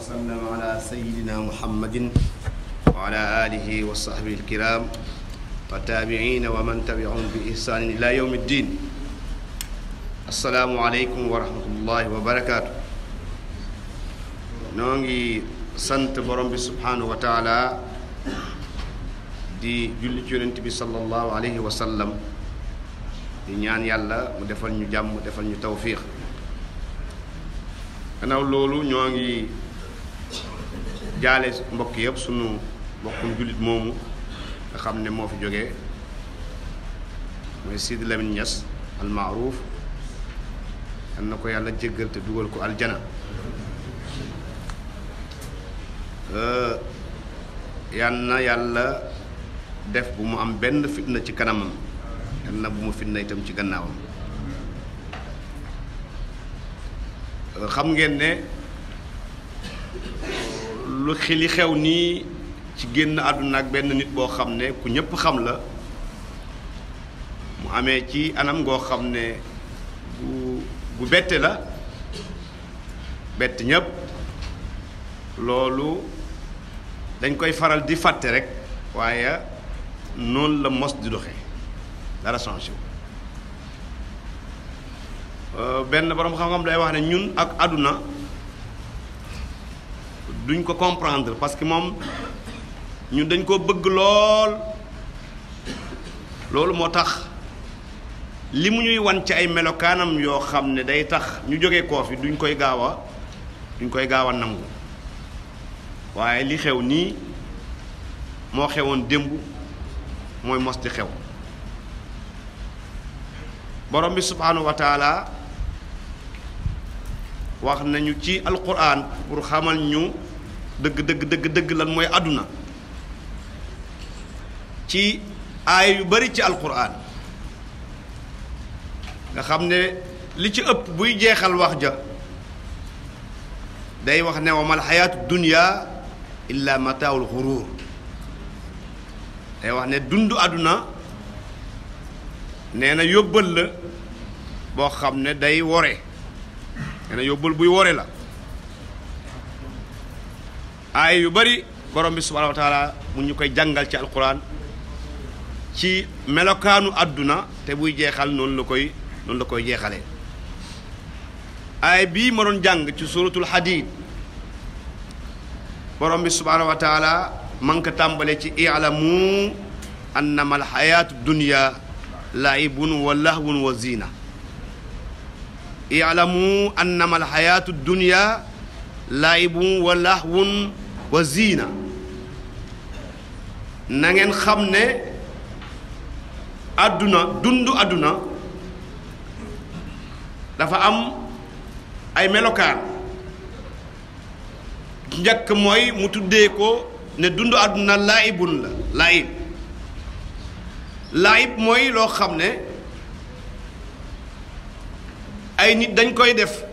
wasallam ala sayidina muhammadin wa ala alihi wa sahbihi alkiram wa taabiina wa man tabiahum bi ihsaanin ila yowmi ddin asalaamu aleykum wa rahmatullahi wa barakaatu noo ngi sant borom bi subhaanahu wa taala di julli ci yonent bi sallallahu alayhi wa sallam di ñaan yàlla mu defal ñu jàmm defal ñu tawfiix gannaaw loolu ñoo ngi jaale mbokk yëpp sunu mbokkum jullit moomu nga xam ne moo fi jógee mooy Sidi Lamine Niass al Maaruuf am na ko yàlla jéggal te dugal ko aljana euh, yal na yàlla def bu mu am benn fitna ci kanamam yal bu mu fitna itam ci gannaawam euh, xam ngeen ne lu xili xew nii ci génn àdduna ak benn nit boo xam ne ku ñëpp xam la mu amee ci anam ngoo xam ne bu bu bette la bett ñépp loolu dañ koy faral di fàtte rek waaye noonu la mos di doxe dara changé wu euh, benn boroom xam-xam day wax ne ñun ak àdduna duñ ko comprendre parce que moom ñun dañ ko bëgg lool loolu moo tax li mu ñuy wan ci ay melokaanam yoo xam ne day tax ñu jógee koo fi duñ koy gaaw a duñ koy gaaw nangu waaye li xew nii moo xewoon démb mooy mos di xew borom bi subhaanahu wax nañu ci alquran pour xamal ñu dëgg dëgg dëgg dëgg lan mooy àdduna ci aaya yu bari ci alquran nga xam ne li ci ëpp buy jeexal wax ja day wax ne wa mal xayaatu dunya illa mataawul xuruur day wax ne dund àdduna neena na yóbbal la boo xam ne day wore nee na yóbbal buy wore la ay yu bari borom bi subhaanahu taala mu ñu koy jàngal ci alquran ci melokaanu àdduna te buy jeexal noonu la koy noonu la koy jeexalee ay bii ma doon jàng ci suratul hadid borom bi subhaanahu taala man ko tàmbalee ci ilamu annama alxayaatu dunia laibun wa lahwun wa zina ilamu annama alxayaatu dunia laybun wa lahwun wa ziina na ngeen xam ne àdduna dund àdduna dafa am ay melokaan njëkk mooy mu tuddee ko ne dund àdduna laayibun la laayib laayib mooy loo xam ne ay nit dañ koy def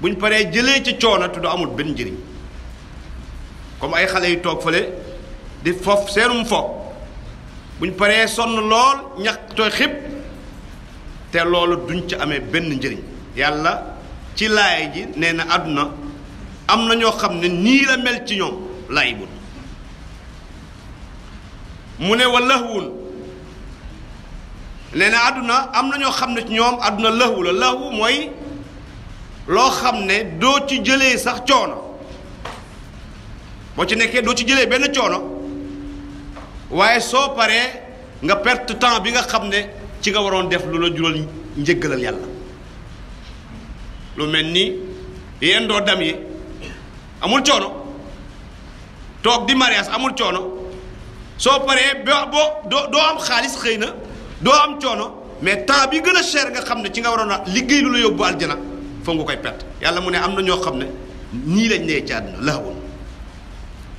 buñ paree jëlee ci coono te du amul benn njëriñ comme ay xale yu toog fële di fof seenum fof buñ paree sonn lool ñax tooy xib te loolu duñ ci amee benn njëriñ yàlla ci laay ji nee na àdduna am na ñoo xam ne nii la mel ci ñoom laay bul mu ne wa lahwun nee na àdduna am na ñoo xam ne ci ñoom àdduna lahwu la lahwu mooy loo xam ne doo ci jëlee sax coono boo ci nekkee doo ci jëlee benn coono waaye soo paree nga perte temps bi nga xam ne ci nga waroon def lu la jural njëggalal yàlla lu mel ni yéen doo dam yi amul coono toog di mariage amul coono soo paree boo boo doo doo am xaalis xëy na doo am coono mais temps bi gën a cher nga xam ne ci nga waroon a liggéey lu la yóbbu aljana foog nga koy perte yàlla mu ne am na ñoo xam ne nii lañ nee ci àdduna lahawun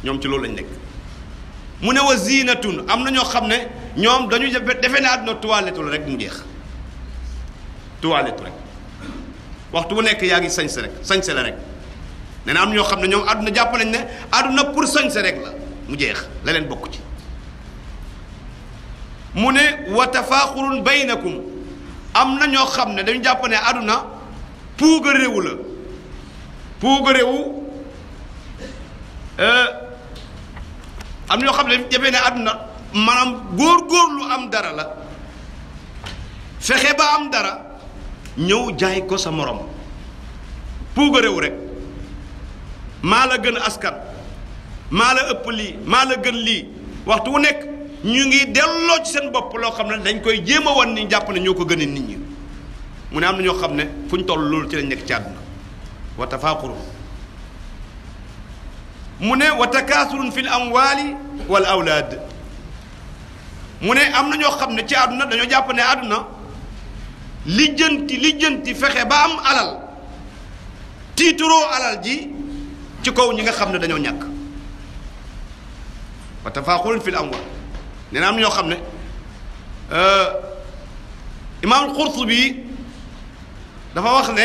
ñoom ci loolu lañ nekk mu ne wa ziinatun am na ñoo xam ne ñoom dañu defe ne àdduna tuwaaletu rek mu jeex tuwaaletu rek waxtu bu nekk yaa ngi sañse rek sañse la am ñoo xam ne ñoom àdduna jàpp nañ ne àdduna pour sañse rek la mu jeex la leen bokk ci mu ne wa tafaaxurun baynakum am na ñoo xam ne dañu jàpp ne àdduna puuga réewu la puuga réewu euh, am ñoo xam ne defe ne àdduna maanaam góor-góorlu am dara la fexe ba am dara ñëw jaay ko sa morom puuga réew rek maa la gën askan maa la ëpp lii maa la gën lii waxtu wu nekk ñu ngi delloo ci seen bopp loo xam ne dañ koy jéem a ni jàpp ne ñoo ko gën nit ñi mu ne am na ñoo xam ne fu ñu toll loolu ci lañ nekk ci àdduna wa tafaaxurun mu ne wa takaasurun fil amwaali wal awlaad mu ne am na ñoo xam ne ci àdduna dañoo jàpp ne àdduna lijjanti lijjanti fexe ba am alal tiituroo alal ji ci kaw ñi nga xam ne dañoo ñàkk wa tafaaxurun fil amwaal nee na am na ñoo xam ne euh, imaamul Qurtubi dafa wax ne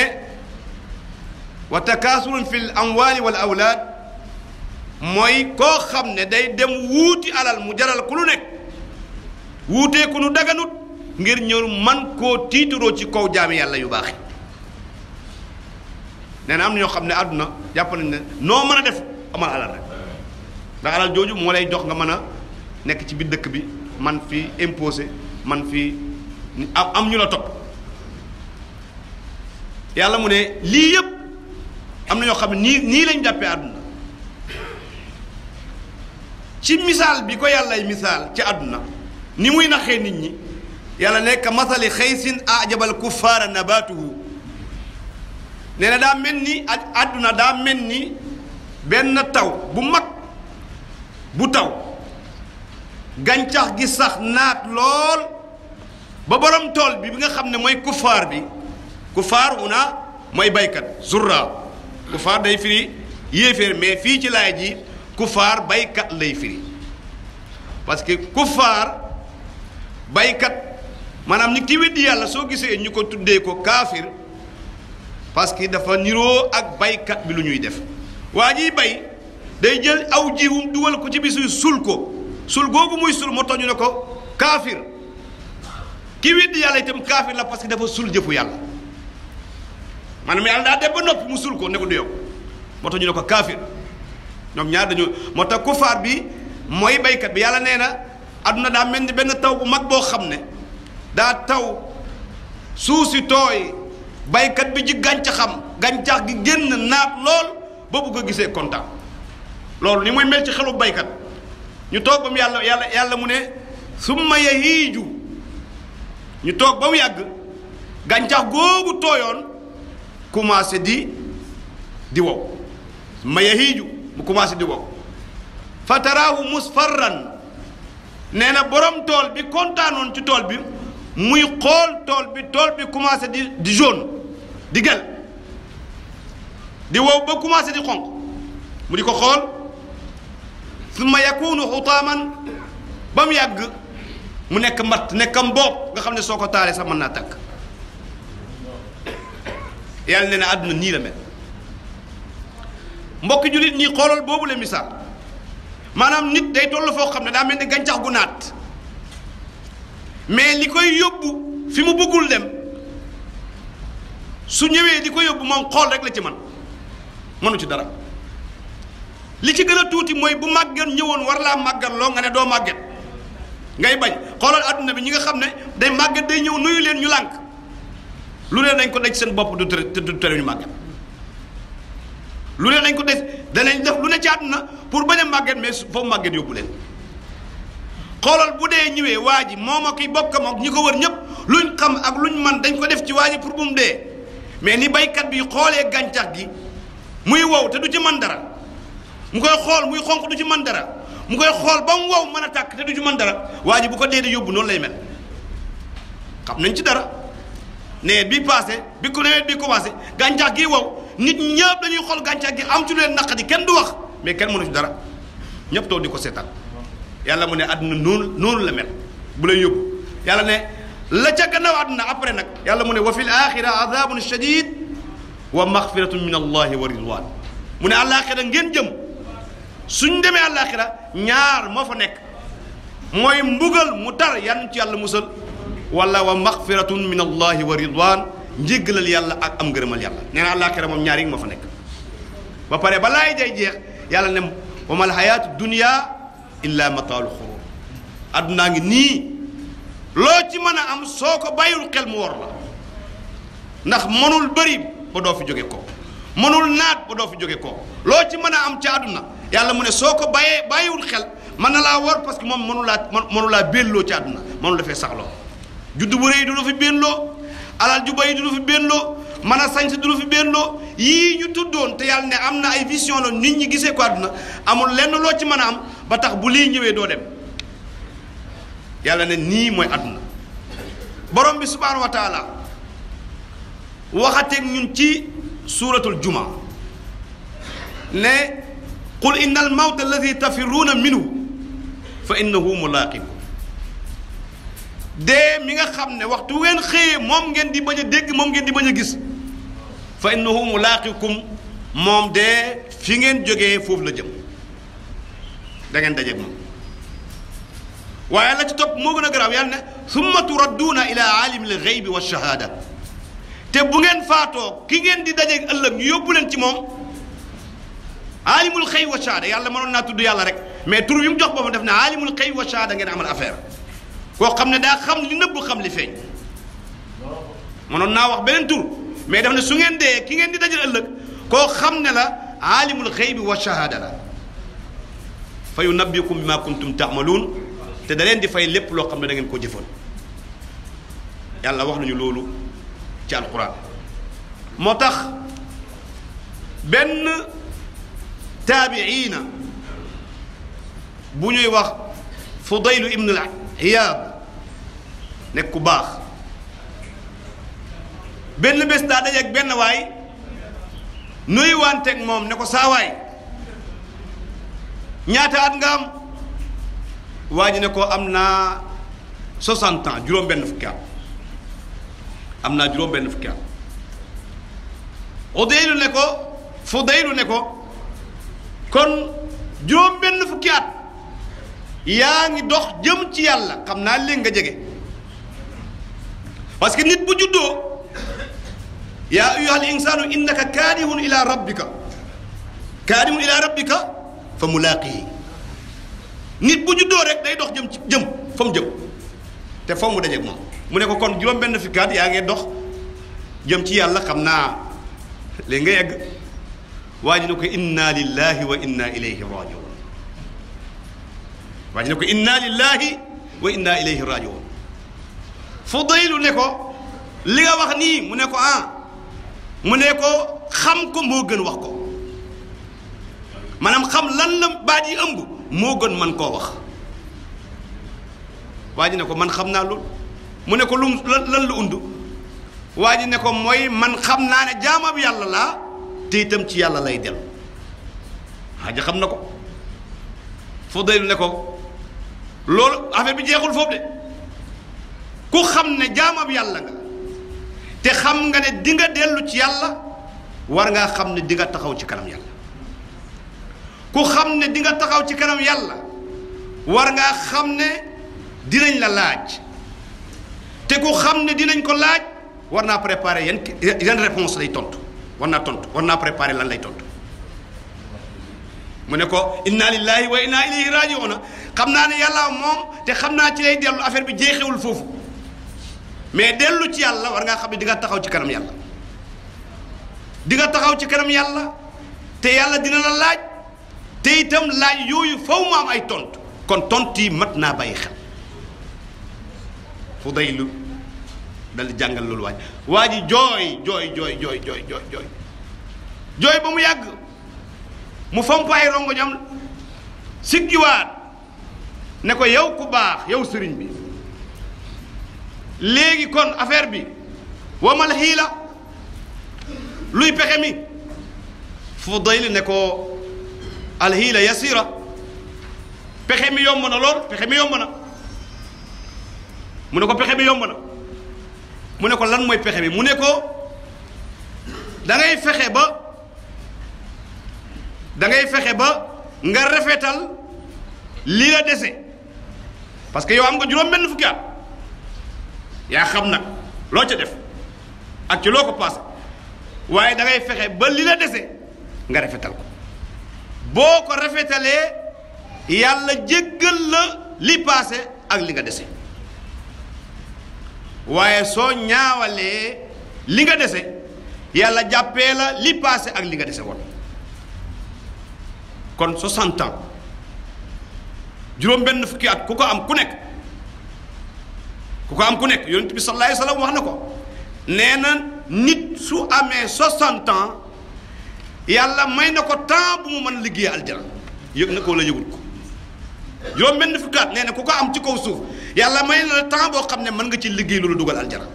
wa takaasurun fil amwaali wal awlaad mooy koo xam ne day dem wuuti alal mu jaral ku lu nekk wuutee ku nu daganut ngir ñëw man koo tiituroo ci kaw jaami yàlla yu baax yi na am ñoo xam ne àdduna jàpp nañ ne noo mën a def amal alal rek ndax alal jooju moo lay jox nga mën a nekk ci biir dëkk bi man fi imposé man fi am ñu la topp yàlla mu ne lii yépp am na ñoo xam ni nii nii lañ jàppee àdduna ci misaal bi ko yàllay misaal ci àdduna ni muy naxee nit ñi yàlla nekk masali xaysin ajabal kuffaara nabaatuhu nee na daa mel ni àdduna daa mel ni benn taw bu mag bu taw gàncax gi sax naat lool ba borom tool bi bi nga xam ne mooy kuffaar bi kufaar naa mooy baykat zurra kufaar day firi yéeféer mais fii ci laay ji kufaar baykat lay firi parce que kufaar baykat maanaam ñi ki weddi yàlla soo gisee ñu ko tuddee ko kaafir parce que dafa niroo ak baykat bi lu ñuy def waa ji bay day jël aw jiwum dugal ko ci bisu suul ko sul googu muy sul moo tax ñu ne ko kaafir ki weddi yàlla itam kaafir la parce que dafa sul jëfu yàlla maanaam yàlla daa def ba noppi mu suul ko ne ko du yow moo tax ñu ne ko kaafir ñoom ñaar dañu moo tax kufaar bi mooy baykat bi yàlla nee na àdduna daa mel ni benn taw bu mag boo xam ne daa taw suuf si tooy baykat bi ji gàncaxam gàncax gi génn naat lool ba bu ko gisee kontaan loolu ni muy mel ci xelu baykat ñu toog ba yàlla yàlla yàlla mu ne summa yahiiju ñu toog ba mu yàgg gàncax googu tooyoon commencé di di wow ma yahiiju mu commencé di wow fa taraahu musfarran nee na borom tool bi kontaanoon ci tool bi muy xool tool bi tool bi commencé di di jaune di gel di wow ba commencé di xonq mu di ko xool summa yakunu xutaaman ba mu yàgg mu nekk matt nekkam boob nga xam ne soo ko taalee sax mën naa takk yàlla nee na àdduna nii la mel mbokk jullit ñi xoolool boobu la misaal maanaam nit day toll foo xam ne daa mel ni gàncax gu naat mais li koy yóbbu fi mu bëggul dem su ñëwee li ko yóbbu moom xool rek la ci man mënu ci dara li ci gën a tuuti mooy bu màggat ñëwoon war laa màggat loo nga ne doo màggat ngay bañ xoolal àdduna bi ñi nga xam ne day màggat day ñëw nuyu leen ñu lànk lu leen dañ ko daj seen bopp du tere du tere ñu màgget lu leen dañ ko daj danañ def lu ne ci na pour bañ a màgget mais foofu màgget yóbbu leen xoolal bu dee ñëwee waa ji moom ak i bokkam ak ñi ko wër ñëpp luñ xam ak luñ man dañ ko def ci waa ji pour bu mu dee mais ni baykat bi xoolee gàncax gi muy wow te du ci man dara mu koy xool muy xonq du ci man dara mu koy xool ba mu wow mën a tàkk te du ci man dara waa ji bu ko dee di yóbbu noonu lay mel xam nañ ci dara. nawet bi passé bi ku nawet bi commencé gàncax gi wow nit ñëpp lañuy xool gàncax gi am cu leen naqadi kenn du wax mais kenn mënu ci dara ñëpp toog di ko seetal yàlla mu ne àdduna noonu noonu la mel bu lay yóbbu yàlla ne la ca gannaaw àdduna après nag yàlla mu ne wa fil axira azabun shadid wa maxfiratun min ne wa ridwan mu ne àllaaxira ngeen jëm suñ demee àllaaxira ñaar moo fa nekk mooy mbugal mu tar yan ci yàlla musal wala wa maxfiratun min allahi wa ridwan njéggalal yàlla ak am ngërëmal yàlla nee na àllaaxira moom ñaar yi moo fa nekk ba pare ba laay day jeex yàlla ne wa mal xayaatu dunia illa mataalu xurur addunaa ngi nii loo ci mën a am soo ko bàyyul xel mu wor la ndax mënul bëri ba doo fi jóge ko mënul naat ba doo fi jóge ko loo ci mën a am ci àdduna yàlla mu ne soo ko bàyyee bàyyiwul xel mën na laa wor parce que moom mënu laa mënu laa bélloo ci àdduna mënu la fee saxloo juddu bu rëy du la fi bénloo alal ju bay du la fi bénloo mën a sañ si du la fi bénloo yii ñu tuddoon te yàlla ne am na ay vision la nit ñi gisee ko àdduna amul lenn loo ci mën a am ba tax bu lii ñëwee doo dem yàlla ne nii mooy àdduna borom bi subhaanahu wa taala waxateeg ñun ci suuratul juma ne qul inna al mawta alladi tafiruuna minhu fa innahu mulaaqiku dee mi nga xam ne waxtu ween xëyee moom ngeen di bañ a dégg moom ngeen di bañ gis fa innahu mulaaqikum moom de fi ngeen jógee foofu la jëm da ngeen dajeeg moom waaye la ci topp moo gën a garaaw yàlla ne summa turadduuna ila aalimil xaybi wa shahaada te bu ngeen faatoo ki ngeen di dajeeg ëllëg ñu yóbbu leen ci moom aalimul xaybi wa shahaada ma mënoon naa tudd yàlla rek mais tur yu mu jox boppam def ne aalimul xaybi wa shahaada ngeen amal affaire koo xam ne daa xam li nëbbu xam li feeñ mënoon naa wax beneen tur mais daf ne su ngeen dee ki ngeen di dajal ëllëg koo xam ne la aalimul xëybi wa shahaada la fa yunabbikum bima kuntum taamaluun te daleen leen di fay lépp loo xam ne da ngeen ko jëfoon yàlla wax nañu loolu ci alquran moo tax benn taabiina bu ñuy wax fudaylu ibnu xiyaab nekk ku baax benn bés daa dajeeg benn waay nuyu wanteeg moom ne ko saawaay ñaata at nga am waa ji ne ko am naa 60 ans juróom benn fukki at am naa juróom benn fukki at ne ko Fudaylu ne ko kon juróom benn fukki yaa ngi dox jëm ci yàlla xam naa léegi nga jege parce que nit bu juddoo yaa ayyuhal insaanu innaka kaadihun ila rabbika kaadihun ila rabbika fa mulaaqihi nit bu juddoo rek day dox jëm ci jëm fa mu jëm te fa mu dajeeg moom mu ne ko kon juróom-benn fukki at yaa ngi dox jëm ci yàlla xam naa léegi nga yegg waa ji ne ko inna lillahi wa inna ilayhi rajiun waa ji ne ko inna lillahi wa inna ilayhi rajiun Fudaylu ne ko li nga wax nii mu ne ko ah mu ne ko xam ko moo gën wax ko maanaam xam lan la baat yi ëmb moo gën man koo wax waa ji ne ko man xam naa loolu mu ne ko lu lan lu und waa ji ne ko mooy man xam naa ne jaamab yàlla laa te itam ci yàlla lay del waa ji xam na ko Fudaylu ne ko loolu affaire bi jeexul foofu de ku xam ne jaamam yàlla nga te xam nga ne dinga dellu ci yàlla war ngaa xam ne di nga taxaw ci kanam yàlla ku xam ne dinga taxaw ci kanam yàlla war ngaa xam ne dinañ la laaj te ku xam ne dinañ ko laaj war naa préparer yan yan réponse lay tontu war naa tontu war naa préparer lan lay tontu. mu ne ko inna lillahi wa inna ilayhi rajiuna xam naa ne yàlla moom te xam naa ci lay dellu affaire bi jeexewul foofu mais dellu ci yàlla war ngaa xam ne di nga taxaw ci kanam yàlla di nga taxaw ci kanam yàlla te yàlla dina la laaj te itam laaj yooyu faw mu am ay tontu kon tontu yi mat naa bàyyi xel fu day lu dal di jàngal loolu waaj waa jooy jooy jooy jooy jooy jooy jooy jooy ba mu yàgg mu fomp ay rongoñam siggiwaat ne ko yow ku baax yow sëriñ bi léegi kon affaire bi wamal xiila luy pexe mi Fudayl ne ko alxiila yasira pexe mi yomb na lool pexe mi yomb na mu ne ko pexe mi yomb mu ne ko lan mooy pexe bi mu ne ko dangay fexe ba da ngay fexe ba nga rafetal li la dese parce que yow am nga juróom benn fukki at yaa xam nag loo ca def ak ci loo ko passé waaye da ngay fexe ba li la dese nga rafetal ko boo ko rafetalee yàlla jëggal la li paase ak li nga dese waaye soo ñaawalee li nga dese yàlla jàppee la li passé ak li nga dese woon kon 60 ans juróom benn fukki at ku ko am ku nekk ku ko am ku nekk yonent bi sallallahu alayhi wax na ko nee na nit su amee 60 ans yàlla may na ko temps bu mu mën liggéey aljana yëg na koo la yëgul ko juróom benn fukki at nee na ku ko am ci kaw suuf yàlla may na la temps boo xam ne mën nga ci liggéey loolu dugal aljana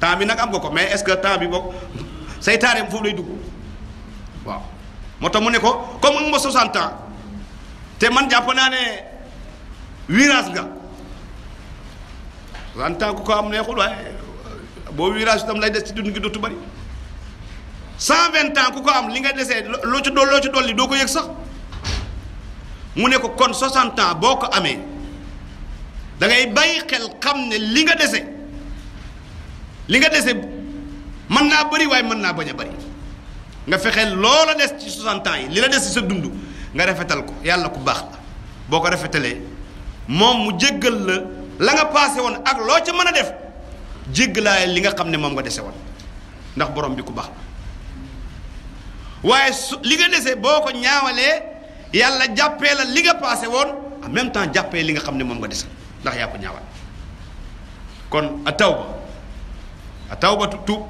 temps bi nag am nga ko mais est-ce que temps bi bokk seytaane foofu lay dugg moo tax mu ne ko comme am ma 60 ans te man jàpp naa ne virage nga 60 ans ku ko am neexul waaye boo virage tam lay des ci dund gi dootu bari 120 ans ku ko am li nga desee loo ci dool loo ci dolli doo ko yëg sax mu ne ko kon 60 ans boo ko amee da ngay bàyyi xel xam ne li nga dese li nga dese mën naa bëri waaye mën naa bañ a bëri nga fexe loola des ci 60 ans yi li la des ci sa dund nga rafetal ko yàlla ku baax la boo ko rafetalee moom mu jéggal la la nga paase woon ak loo ca mën a def jéggalaay li nga xam ne moom nga dese woon ndax borom bi ku baax la waaye su li nga dese boo ko ñaawalee yàlla jàppee la li nga paase woon en même temps jàppee li nga xam ne moom nga dese ndax yaa ko ñaawal kon a tawba a tawba tuub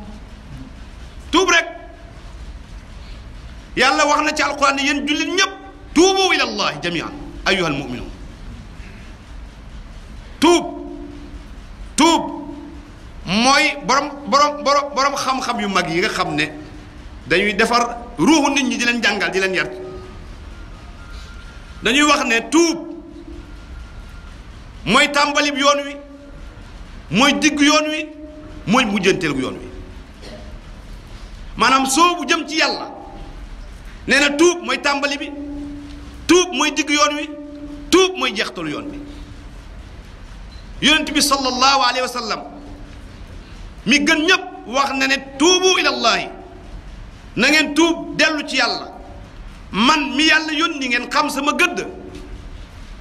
tuub rek. yàlla wax na ci alquran ne yéen jullit ñëpp tuubu ila allahi jamian ayyuhal muminuun tuub tuub mooy borom borom borom borom xam-xam yu mag yi nga xam ne dañuy defar ruuxu nit ñi di leen jàngal di leen yar dañuy wax ne tuub mooy tàmbalib yoon wi mooy digg yoon wi mooy mujjanteelu yoon wi maanaam soobu jëm ci yàlla nee na tuub mooy tàmbali bi tuub mooy digg yoon wi tuub mooy jeextalu yoon bi yonent bi sallallahu alayhi wa sallam mi gën ñépp wax na ne tuubu ilallahi na ngeen tuub dellu ci yàlla man mi yàlla yónni ngeen xam sama gëdd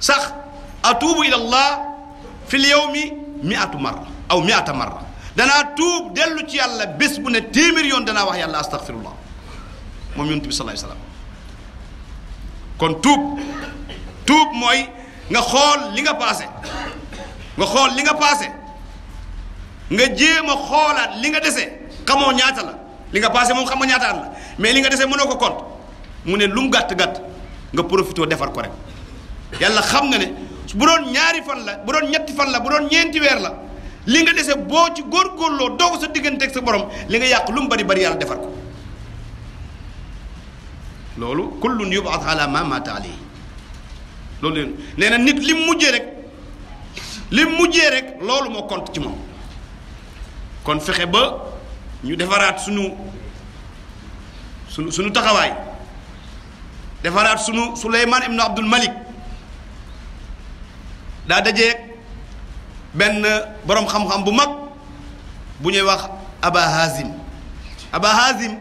sax atuubu ilallah fil yawmi mi'atu marra aw mi'ata marra danaa tuub dellu ci yàlla bés bu ne téeméer yoon danaa wax yàlla astaghfirullah moom yonent bi salaay salaam kon tuub tuub mooy nga xool li nga paase nga xool li nga paase nga jéem a xoolaat li nga dese xamoo ñaata la li nga paase moom xam nga ñaata la mais li nga dese mënoo ko compte mu ne lu mu gàtt gàtt nga profité defar ko rek yàlla xam nga ne bu doon ñaari fan la bu doon ñetti fan la bu doon ñeenti weer la li nga dese boo ci góorgóorloo doo ko sa digganteeg sa borom li nga yàq lu mu bari bari yàlla defar ko. loolu kullun yubaas ala ma mata loolu leen nee na nit lim mujjee rek lim mujjee rek loolu moo compte ci moom kon fexe ba ñu defaraat suñu sunu sunu taxawaay defaraat sunu Suleymaan ibnu Abdul Malik daa dajeeg benn boroom xam-xam bu mag bu ñuy wax Aba Hazim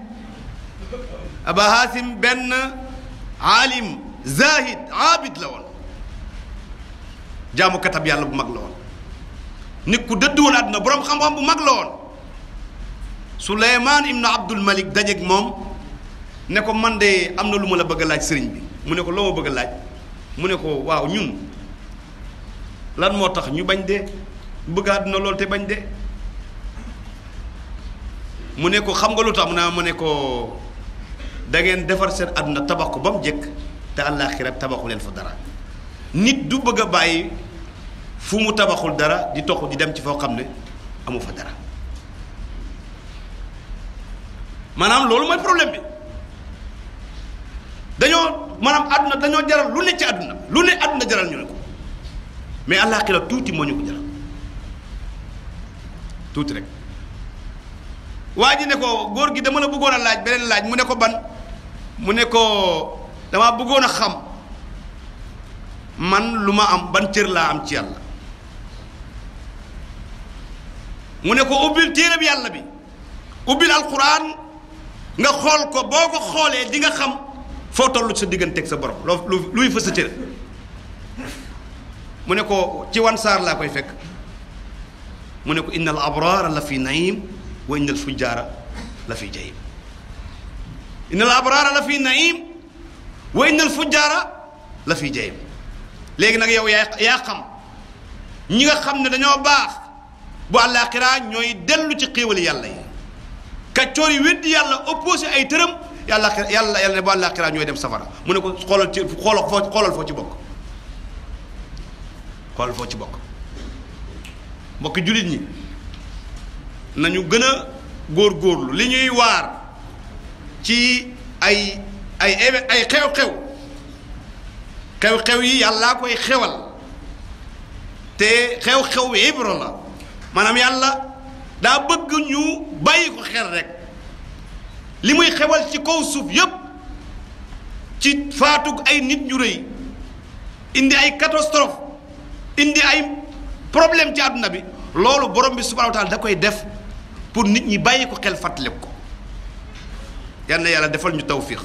aba haasim benn aalim zahid aabid la woon jaamukatab yàlla bu mag la woon nit ku dëdd woon àdduna boroom xam-xam bu mag la woon suleymaan ibnu abdul malik dajeeg moom ne ko man de am na lu ma la bëgg laaj sëriñ bi mu ne ko loo ma bëgg laaj mu ne ko waaw ñun lan moo tax ñu bañ dee bëgg àdduna lool te bañ de mu ne ko xam nga lu tax mu ne ma ne ko da ngeen defar seen àdduna tabax ko ba mu jëkk te àllaaxira tabaxu leen fa dara nit du bëgg a bàyyi fu mu tabaxul dara di toxu di dem ci foo xam ne amu fa dara maanaam loolu mooy problème bi dañoo maanaam àdduna dañoo jaral lu ne ci àdduna lu ne àdduna jaral ñu ne ko mais àllaaxira tuuti moo ñu ko jaral tuuti rek waa ji ne ko góor gi dama la bëggoon a laaj beneen laaj mu ne ko ban mu ne ko dama bëggoon a xam man lu ma am ban cër laa am ci yàlla mu ne ko ubbil bi yàlla bi ubbil alquran nga xool ko boo ko xoolee di xam foo tollu sa digganteeg sa borom loo luy fa sa cër mu ne ko ci wan saar laa koy fekk mu ne ko innal abraara la fi naim wa innal fujjaara la fi jahim inna al abraara la fi naim wa inna al fujjaara la fi jayim léegi nag yow yaa yaa xam ñi nga xam ne dañoo baax bu àllaaxiraa ñooy dellu ci xéewali yàlla yi kaccoor yi weddi yàlla si ay tërëm yàlla yàlla yàlla ne bu àllaaxiraa ñooy dem safara mu ne ko xoolal ci xoolal foo xoolal foo ci bokk xoolal foo ci bokk mbokki jullit ñi nañu gën a góor góorlu li ñuy waar ci ay ay ay xew-xew xew-xew yi yàllaa koy xewal te xew-xew bi ibro la maanaam yàlla daa bëgg ñu bàyyi ko xel rek li muy xewal ci kaw suuf yépp ci faatug ay nit ñu rëy indi ay catastrophe indi ay problème ci àdduna bi loolu borom bi subhanahu wa taala da koy def pour nit ñi bàyyi ko xel fàttaliku ko yal na yàlla defal ñu tawfiq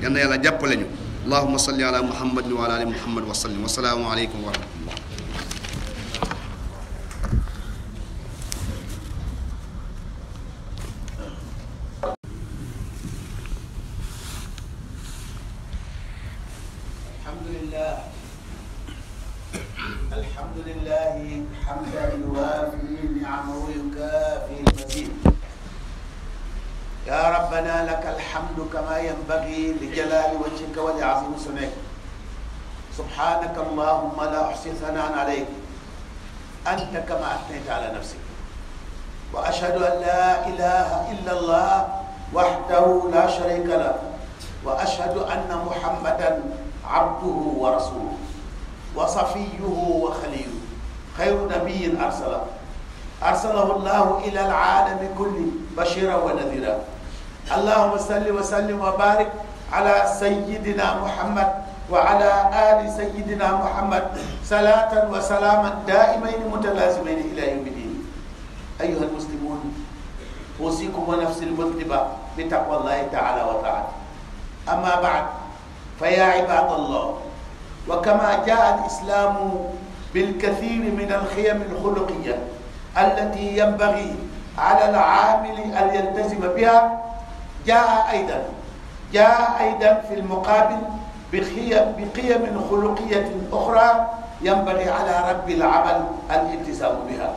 yal na yàlla jàppale ñu allahuma salli ala muhammadin wa ala ali muhammad wa sallim wasalaamu aleykum wa rahmatullah alhamdulillah alhamdu kama yanbaghi li jalali wajhika wa li azimi sunek subhanaka allahumma la uhsi thanaan alayk anta kama athnayta ala nafsik wa ashhadu an la ilaha illa allah wahdahu la sharika lah wa ashhadu anna muhammadan abduhu wa rasuluhu wa safiyuhu wa xaliluhu xayru nabiyin arsala arsalahu llahu ila alaalami kulli bashira wa nadira allahuma salli wa sallim wa barik ala sayidina muhammad wa ala ali sayidina muhammad salatan wa salaman daimaini mutalazimaini ila yaumi din ayuha almuslimun اوصيكم ونفسي المذنبه بتقوى الله تعالى وطاعته اما بعد فيا عباد الله وكما جاء الاسلام بالكثير من الخيم الخلقيه التي ينبغي على العامل ان يلتزم بها جاء أيضا جاء أيضا في المقابل بقيم, بقيم خلقية أخرى ينبغي على رب العمل الالتزام بها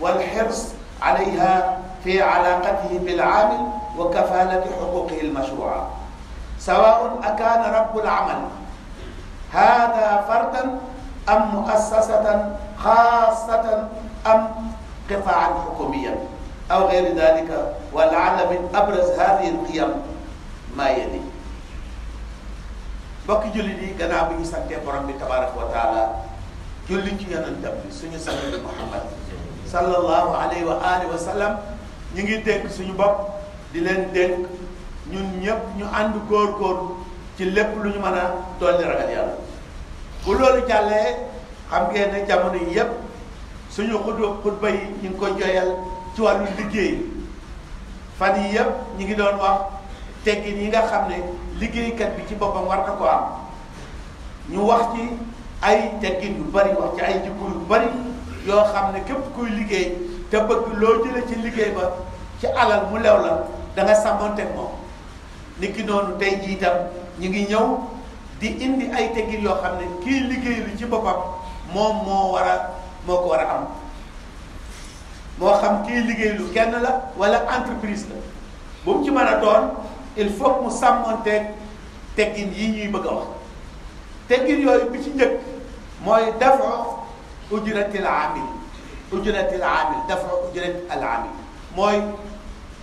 والحرص عليها في علاقته بالعامل وكفالة حقوقه المشروعة سواء أكان رب العمل هذا فردا أم مؤسسة خاصة أم قطاعا حكوميا أو غير ذلك ولعل من أبرز هذه القيم ما يلي bokk jullit yi gannaaw bi ñu santee borom bi tabaraka wa taala ci yonentam bi suñu sa bi Muhammad sallallahu alayhi wa alihi wa ñu ngi dénk suñu bopp di leen dénk ñun ñëpp ñu ànd góor-góor ci lépp lu ñu mën a dolli ragal yàlla bu loolu jàllee xam ngeen ne jamono yi yépp suñu xutba yi ñu ngi ko joyal ci wàllu liggéey fan yii yëpp ñu ngi doon wax teggin yi nga xam ne liggéeykat bi ci boppam war na ko am ñu wax ci ay teggin yu bari wax ci ay jikko yu bari yoo xam ne képp kuy liggéey te bëgg loo jëlee ci liggéey ba ci alal mu lew la da nga sàmmanteeg moom niki noonu tey jii itam ñu ngi ñëw di indi ay teggin yoo xam ne kii liggéey lu ci boppam moom moo war a moo ko war a am. moo xam kii liggéey lu kenn la wala entreprise la bu mu ci mën a doon il faut mu sàmmanteeg teggin yi ñuy bëgg a wax teggin yooyu bi ci njëkk mooy dafa ujratil amil ujratil amil dafa ujratil amil mooy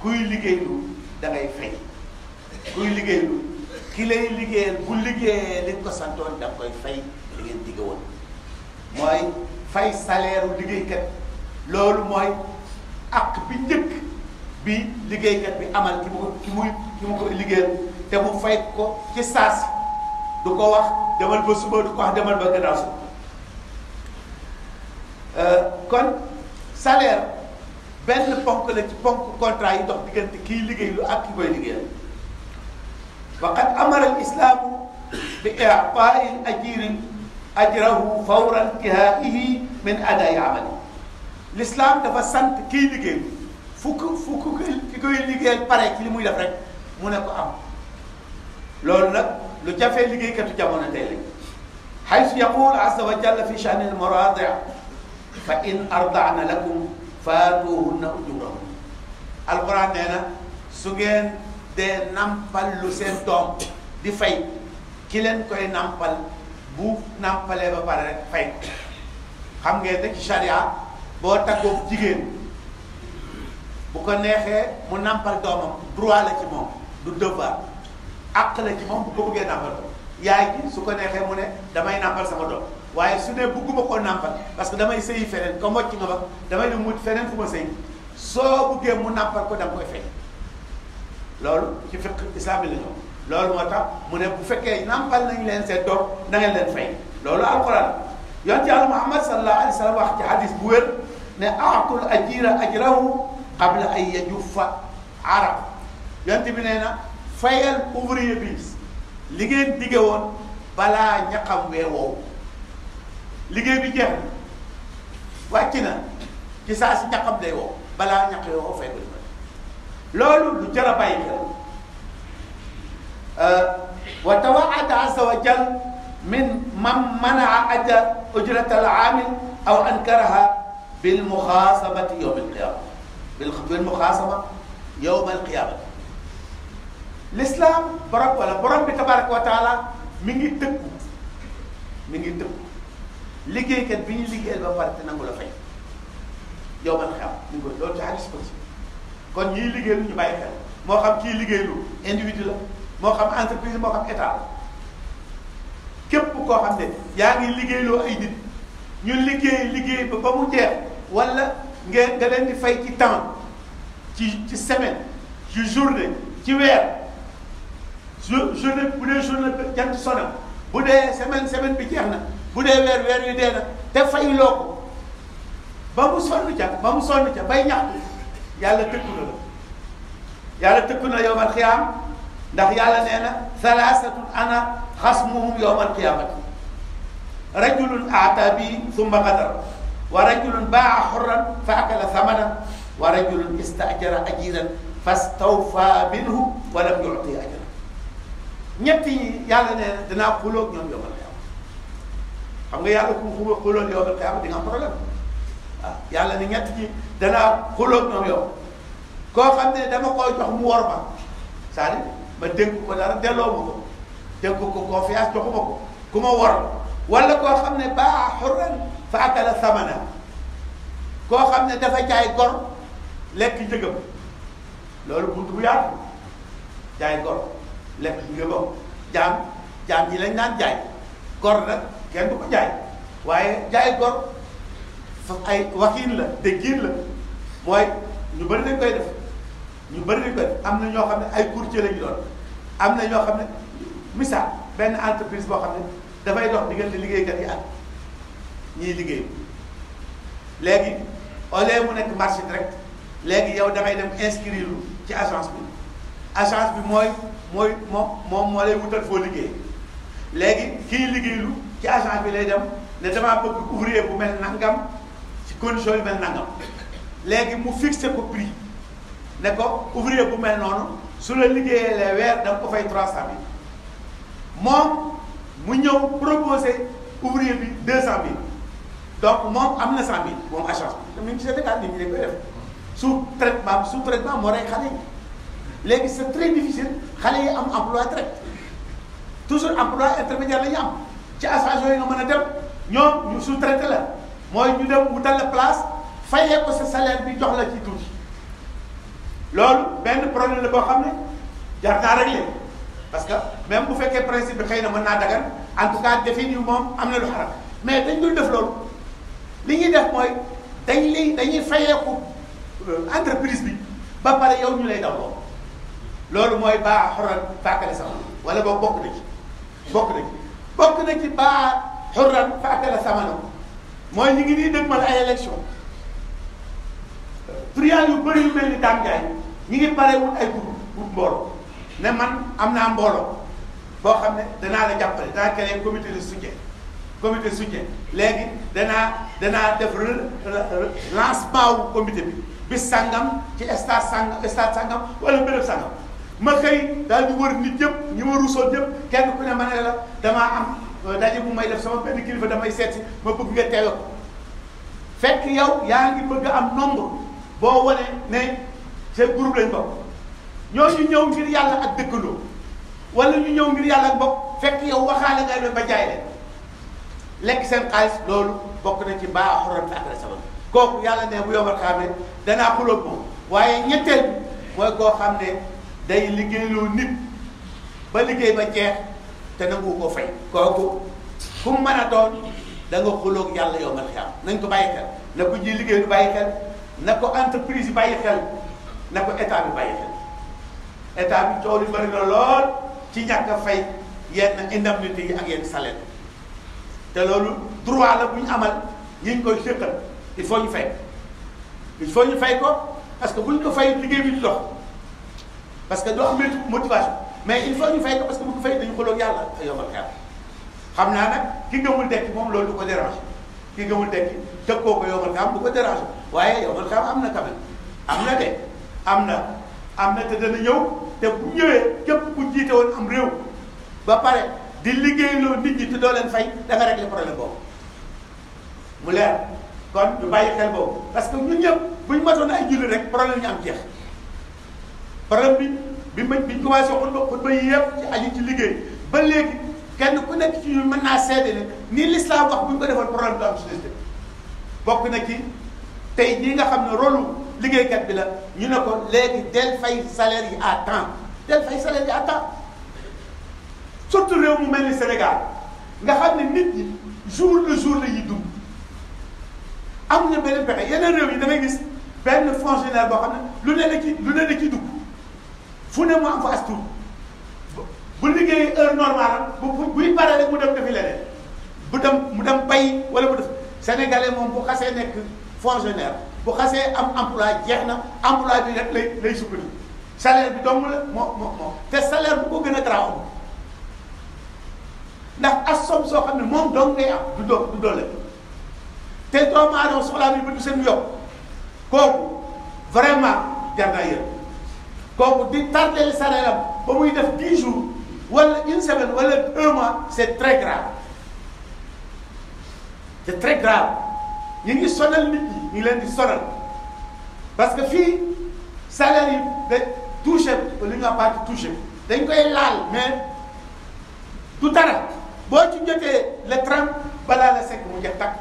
kuy liggéeylu da ngay fay kuy liggéeylu ki lay liggéeyal bu liggéeyee li nga ko santoon da koy fay li ngeen mooy fay salaire u liggéeykat loolu mooy ak bi njëkk bi liggéeykat bi amal ki muy ki te mu fay ko ci saas du ko wax demal ba suba du ko wax demal ba gannaaw suba euh, kon salaire benn ponk la ci yi dox diggante kiy liggéey lu ak ki koy liggéeyal wa qad amara al islaamu bi i'taa'i ajrahu fawra intihaa'ihi min adaa'i amali l'islam dafa sant kiy liggéey fukk fukk ki koy liggéeyal li muy def rek mu ne ko am loolu nag lu jafee liggéeykatu jamono tey la xaysu yaqul azza wa jalla fi shani al maradi fa in ardaana lakum faatuhunna ujurahun alquran nee na su ngeen dee nampal lu seen doom di fay ki leen koy nampal bu nampalee ba pare rek fay ko xam ngeen boo takkoo jigéen bu ko neexee mu nampal doomam droit la ci moom du devoir àq la ci moom bu ko bëggee nampal ko yaay ji su ko neexee mu ne damay nàmpal sama doom waaye su ne bëgguma koo nàmpal parce que damay sëyi feneen comme wàcc nga ba damay ne mu feneen fu ma sëy soo bëggee mu nampal ko da nga koy fay loolu ci fiqh islam la loolu moo tax mu ne bu fekkee nàmpal nañu leen seet doom na ngeen leen fay loolu alquran yoon ci yàlla Muhammad sallallahu alayhi wa sallam wax ci bu wér. ne aatul ajira ajrahu qabla an yajuffa arab yont bi nee na fayal ouvrier bi li ngeen digge woon balaa ñaqam wee woow liggéey bi jeex na wàcc na lu jar a bàyyi euh, min man manaa aja ujrata al aw ankaraha bil muxaasabati yowmal qiyaama bil muxaasaba yowmal qiyaama l'islam borom wala borom bi tabaraka wa taala mi ngi tëkku mi ngi tëkku liggéeykat bi ñu liggéeyal ba pare te nangu la fay yowmal qiyaama mi ngi koy loolu ci hadis ko kon ñiy liggéeylu ñu bàyyi xel moo xam kii liggéeylu individu la moo xam entreprise moo xam état la képp koo xam ne yaa ngi liggéeyloo ay nit ñu liggéey liggéey ba ba mu jeex wala ngeen nga leen di fay ci temps ci ci semaine ci journée ci weer journée bu dee journée jant sona bu dee semaine semaine bi jeex na bu dee weer weer wi dee na te fay loo ko ba mu sonn ca ba mu sonn ca bay ñaxtu yàlla tëkku na la yàlla tëkku na yowmal xiyaam ndax yàlla nee na salaasatun ana xasmuhum yowmal bi summa wa rajulun baa xurran fa akala samanan wa rajulun istajara ajiran minhu wa lam yuti ajran ñett yi yàlla nee na dinaa xulóog ñoom yowmal qiyaama xam nga yàlla ku mu xulóog yowmal qiyaama di nga am problème waaw ah, yàlla ne ñett ñi danaa xulóog ñoom yow mu wor ma c'est-à-dire ma dénk ko ma ko dénk ko confiance joxuma ko ku wala koo xam ne baa xurran fa akala samana koo xam ne dafa jaay gor lekk njëgam loolu bunt bu yaatu jaay gor lekk njëgam jaam jaam yi lañ naan jaay gor nag kenn du ko jaay waaye jaay gor fa ay waxiin la déggiin la mooy ñu bëri dañ koy def ñu bëri koy am na ñoo xam ne ay courtier lañu doon am na ñoo xam ne misaal benn entreprise boo xam ne dafay dox diggante liggéeykat yi ak ñiy liggéey léegi au lieu mu nekk marché direct léegi yow damay dem inscrire ci agence bi agence bi mooy mooy moom moom moo lay wutal foo liggéey léegi kii liggéeylu ci agence bi lay dem ne damaa bëgg ouvrier bu mel nangam ci condition yu mel nangam léegi mu fixé ko prix ne ko ouvrier bu mel noonu su la liggéeyee les weer da nga ko fay trois cent moom. mu ñëw proposé ouvrier bi deux cent mille donc moom am na cent mille moom agence bi mu ngi ci Sénégal nit ñi dañ koy def sous traitement sous traitement moo rey xale yi léegi c' est très difficile xale yi am emploi direct toujours emploi intermédiaire la ñu am ci agence yooyu nga mën a dem ñoom ñu sous traité la mooy ñu dem wutal la place fayee ko sa salaire bi jox la ci tuuti loolu benn problème la boo xam ne jar naa réglé parce que même bu fekkee principe bi xëy na mën naa dagan en tout cas defin yu moom am na lu xaram mais dañ dul def loolu li ñuy def mooy dañ li dañuy fayeeku euh, entreprise bi ba pare yow ñu lay daw loolu loolu mooy baa xorran faakale sama wala boo bokk na ci bokk na ci bokk na ci baa xorran sama na mooy ñu ngi nii dëgmal ay élection trial yu bëri yu mel ni daan jaay ñu ngi pare ay groupe groupe mbooloo ne man am naa mbooloo boo xam ne danaa la jàppale danaa keneen comité de soutien comité de léegi danaa danaa def lancement wu comité bi bi sangam ci stade sangam stade sangam wala béréb sangam ma xëy daal di wër nit yëpp ñi ma ruusoon yëpp kenn ku ne ma ne la damaa am euh, daje bu may def sama benn kilifa damay seet si ma bëgg nga teewe ko fekk yow yaa ngi bëgg am nombre boo wane ne ce groupe lañ bokk ñooñu ñëw ngir yàlla ak dëkkandoo wala ñu ñëw ngir yàlla ak bopp fekk yow waxaale ngay doon ba jaay leen lekk seen xaalis loolu bokk na ci baa xorom bi ak sama kooku yàlla ne bu yombal xam danaa xuloog moom waaye ñetteel bi mooy koo xam ne day liggéeyloo nit ba liggéey ba jeex te nangu ko fay kooku ku mu mën a doon da nga xuloog yàlla yombal xam nañ ko bàyyi xel na ko ji liggéey du bàyyi xel na ko entreprise bàyyi xel na ko état bi bàyyi xel état bi coow li bëri na lool ci ñàkk a fay yenn indemnité yi ak yenn salaire te loolu droit la bu ñu amal ñi ñu koy séqal il faut ñu fay il faut fay ko parce que bu ñu ko fay liggéey bi du dox parce que doo am motivation mais il faut ñu fay ko parce que bu ko fay dañu xuloo yàlla yombal xel xam naa nag ki gëmul dekki moom loolu du ko dérange ki gëmul dekki tëg koo ko yombal xel du ko dérange waaye yombal xel am na quand am na de am na. am na te dana ñëw te bu ñëwee képp ku jiite woon am réew ba pare di liggéeyloo nit ñi te doo leen fay da nga régler problème boobu mu leer kon ñu bàyyi xel boobu parce que ñun ñëpp bu ñu matoon ay julli rek problème ñu am jeex problème bi bi ma bi ñu commencé xutba xutba yi ci aju ci liggéey ba léegi kenn ku nekk ci ñun mën naa seede ne nii l'islam wax bu ñu ko defoon problème du am société bokk na ci tey ñi nga xam ne rôle liggéeykat bi la ñu ne ko léegi del fay salaire yi à temps del fay salaire yi à temps surtout réew mu mel ni Sénégal nga xam ne nit ñi jour le jour la ñuy dund am na benn pexe yeneen réew yi da ngay gis benn fonctionnaire boo xam ne lu ne ci lu ne la ci dugg fu ne mu am fa as bu liggéey heure normale bu buy pare rek mu dem defi leneen bu dem mu dem bay wala mu def sénégalais moom bu xasee nekk fonctionnaire. bu xasee am emploi jeex na emploi bi rek lay lay sukkandi salaire bi dong la moo moo moo te salaire bu ko gën a garaaw ndax as soom soo xam ne moom dong ngay am du doo doole te doomu aadama soxlaa bi ba du seen yokk kooku vraiment jar naa kooku di tardel salaire am ba muy def dix jours wala une semaine wala un mois c'est très grave c'est très grave ñu ngi sonal nit ñi ñu leen di sonal parce que fii salaire yi da touché li nga pas touché dañ koy laal mais du dara boo ci jotee le trente balaa la cinq mu jeex takk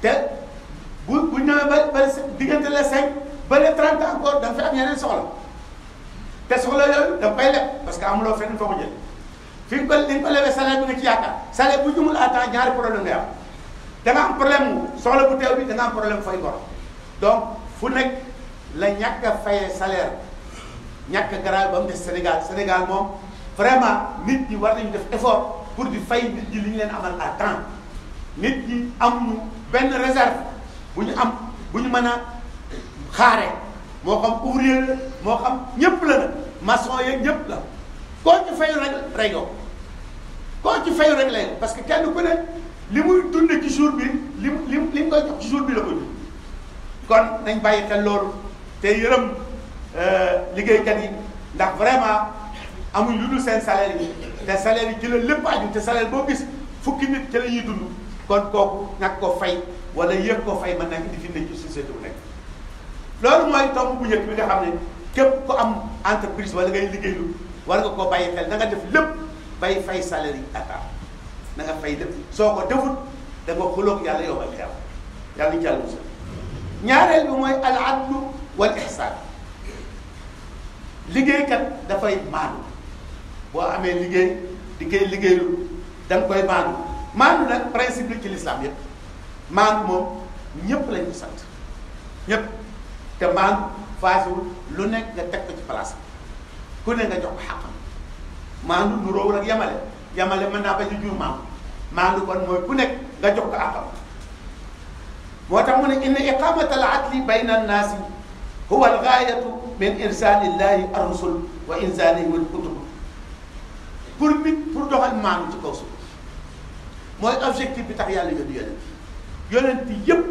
te bu bu ñëwee ba ba diggante le cinq ba le trente encore da nga fay am yeneen soxla te soxla yooyu da nga parce que am loo foo ko jël fi nga ko li nga ko lebee salaire bi nga bu jumul à temps ñaari problème ngay am. da am problème mu soxla bu teew bi da nga am problème fay bor donc fu nekk la ñàkk a fayee salaire ñàkk garaaw ba mu Sénégal Sénégal moom vraiment nit ñi war nañu def effort pour di fay nit ñi li ñu leen amal à temps nit ñi amuñu benn réserve bu ñu am bu ñu mën a xaare moo xam ouvrier la moo xam ñëpp la nag maçon yeeg ñëpp la koo ci fayu rek rey koo ci fayu rek lay parce que kenn ku ne. li muy dund ci jour bi li mu li mu li mu koy jox ci bi la ko jox kon nañ bàyyi xel loolu te yërëm euh, liggéeykat yi ndax vraiment amuñ lu dul seen salaire yi te salaire yi ci lépp aju te salaire boo gis fukki nit ci la ñuy dund kon kooku ñàkk ko fay wala yëg ko fay mën naa indi fi ci société bu nekk. loolu mooy tomb bu njëkk bi nga xam ne képp ku am entreprise wala ngay lu war nga koo bàyyi xel na nga def lépp bay fay salaire yi à na nga fay def soo ko defut da nga xuloog yàlla yow al yàlla ñu jàll musa ñaareel bi mooy al adlu wal ihsaan liggéeykat dafay maandu boo amee liggéey di koy liggéeylu da nga koy maandu maandu nag principe ci lislaam yépp maandu moom ñépp lañ ko sant ñépp te maandu faasiwul lu nekk nga teg ko ci place ku ne nga jox ko xàqam maandu nu róowul ak yamale yamale mën naa bañ a jur maandu maandu kon mooy ku nekk nga jox ko àqam moo tax mu ne inna iqamata al adli bayna annaasi huwa al gaayatu min irsaalillahi arrusul wa insaalihi wal kutub pour nit pour doxal maandu ci kaw suuf mooy objectif bi tax yàlla yónni yonent yonent bi yépp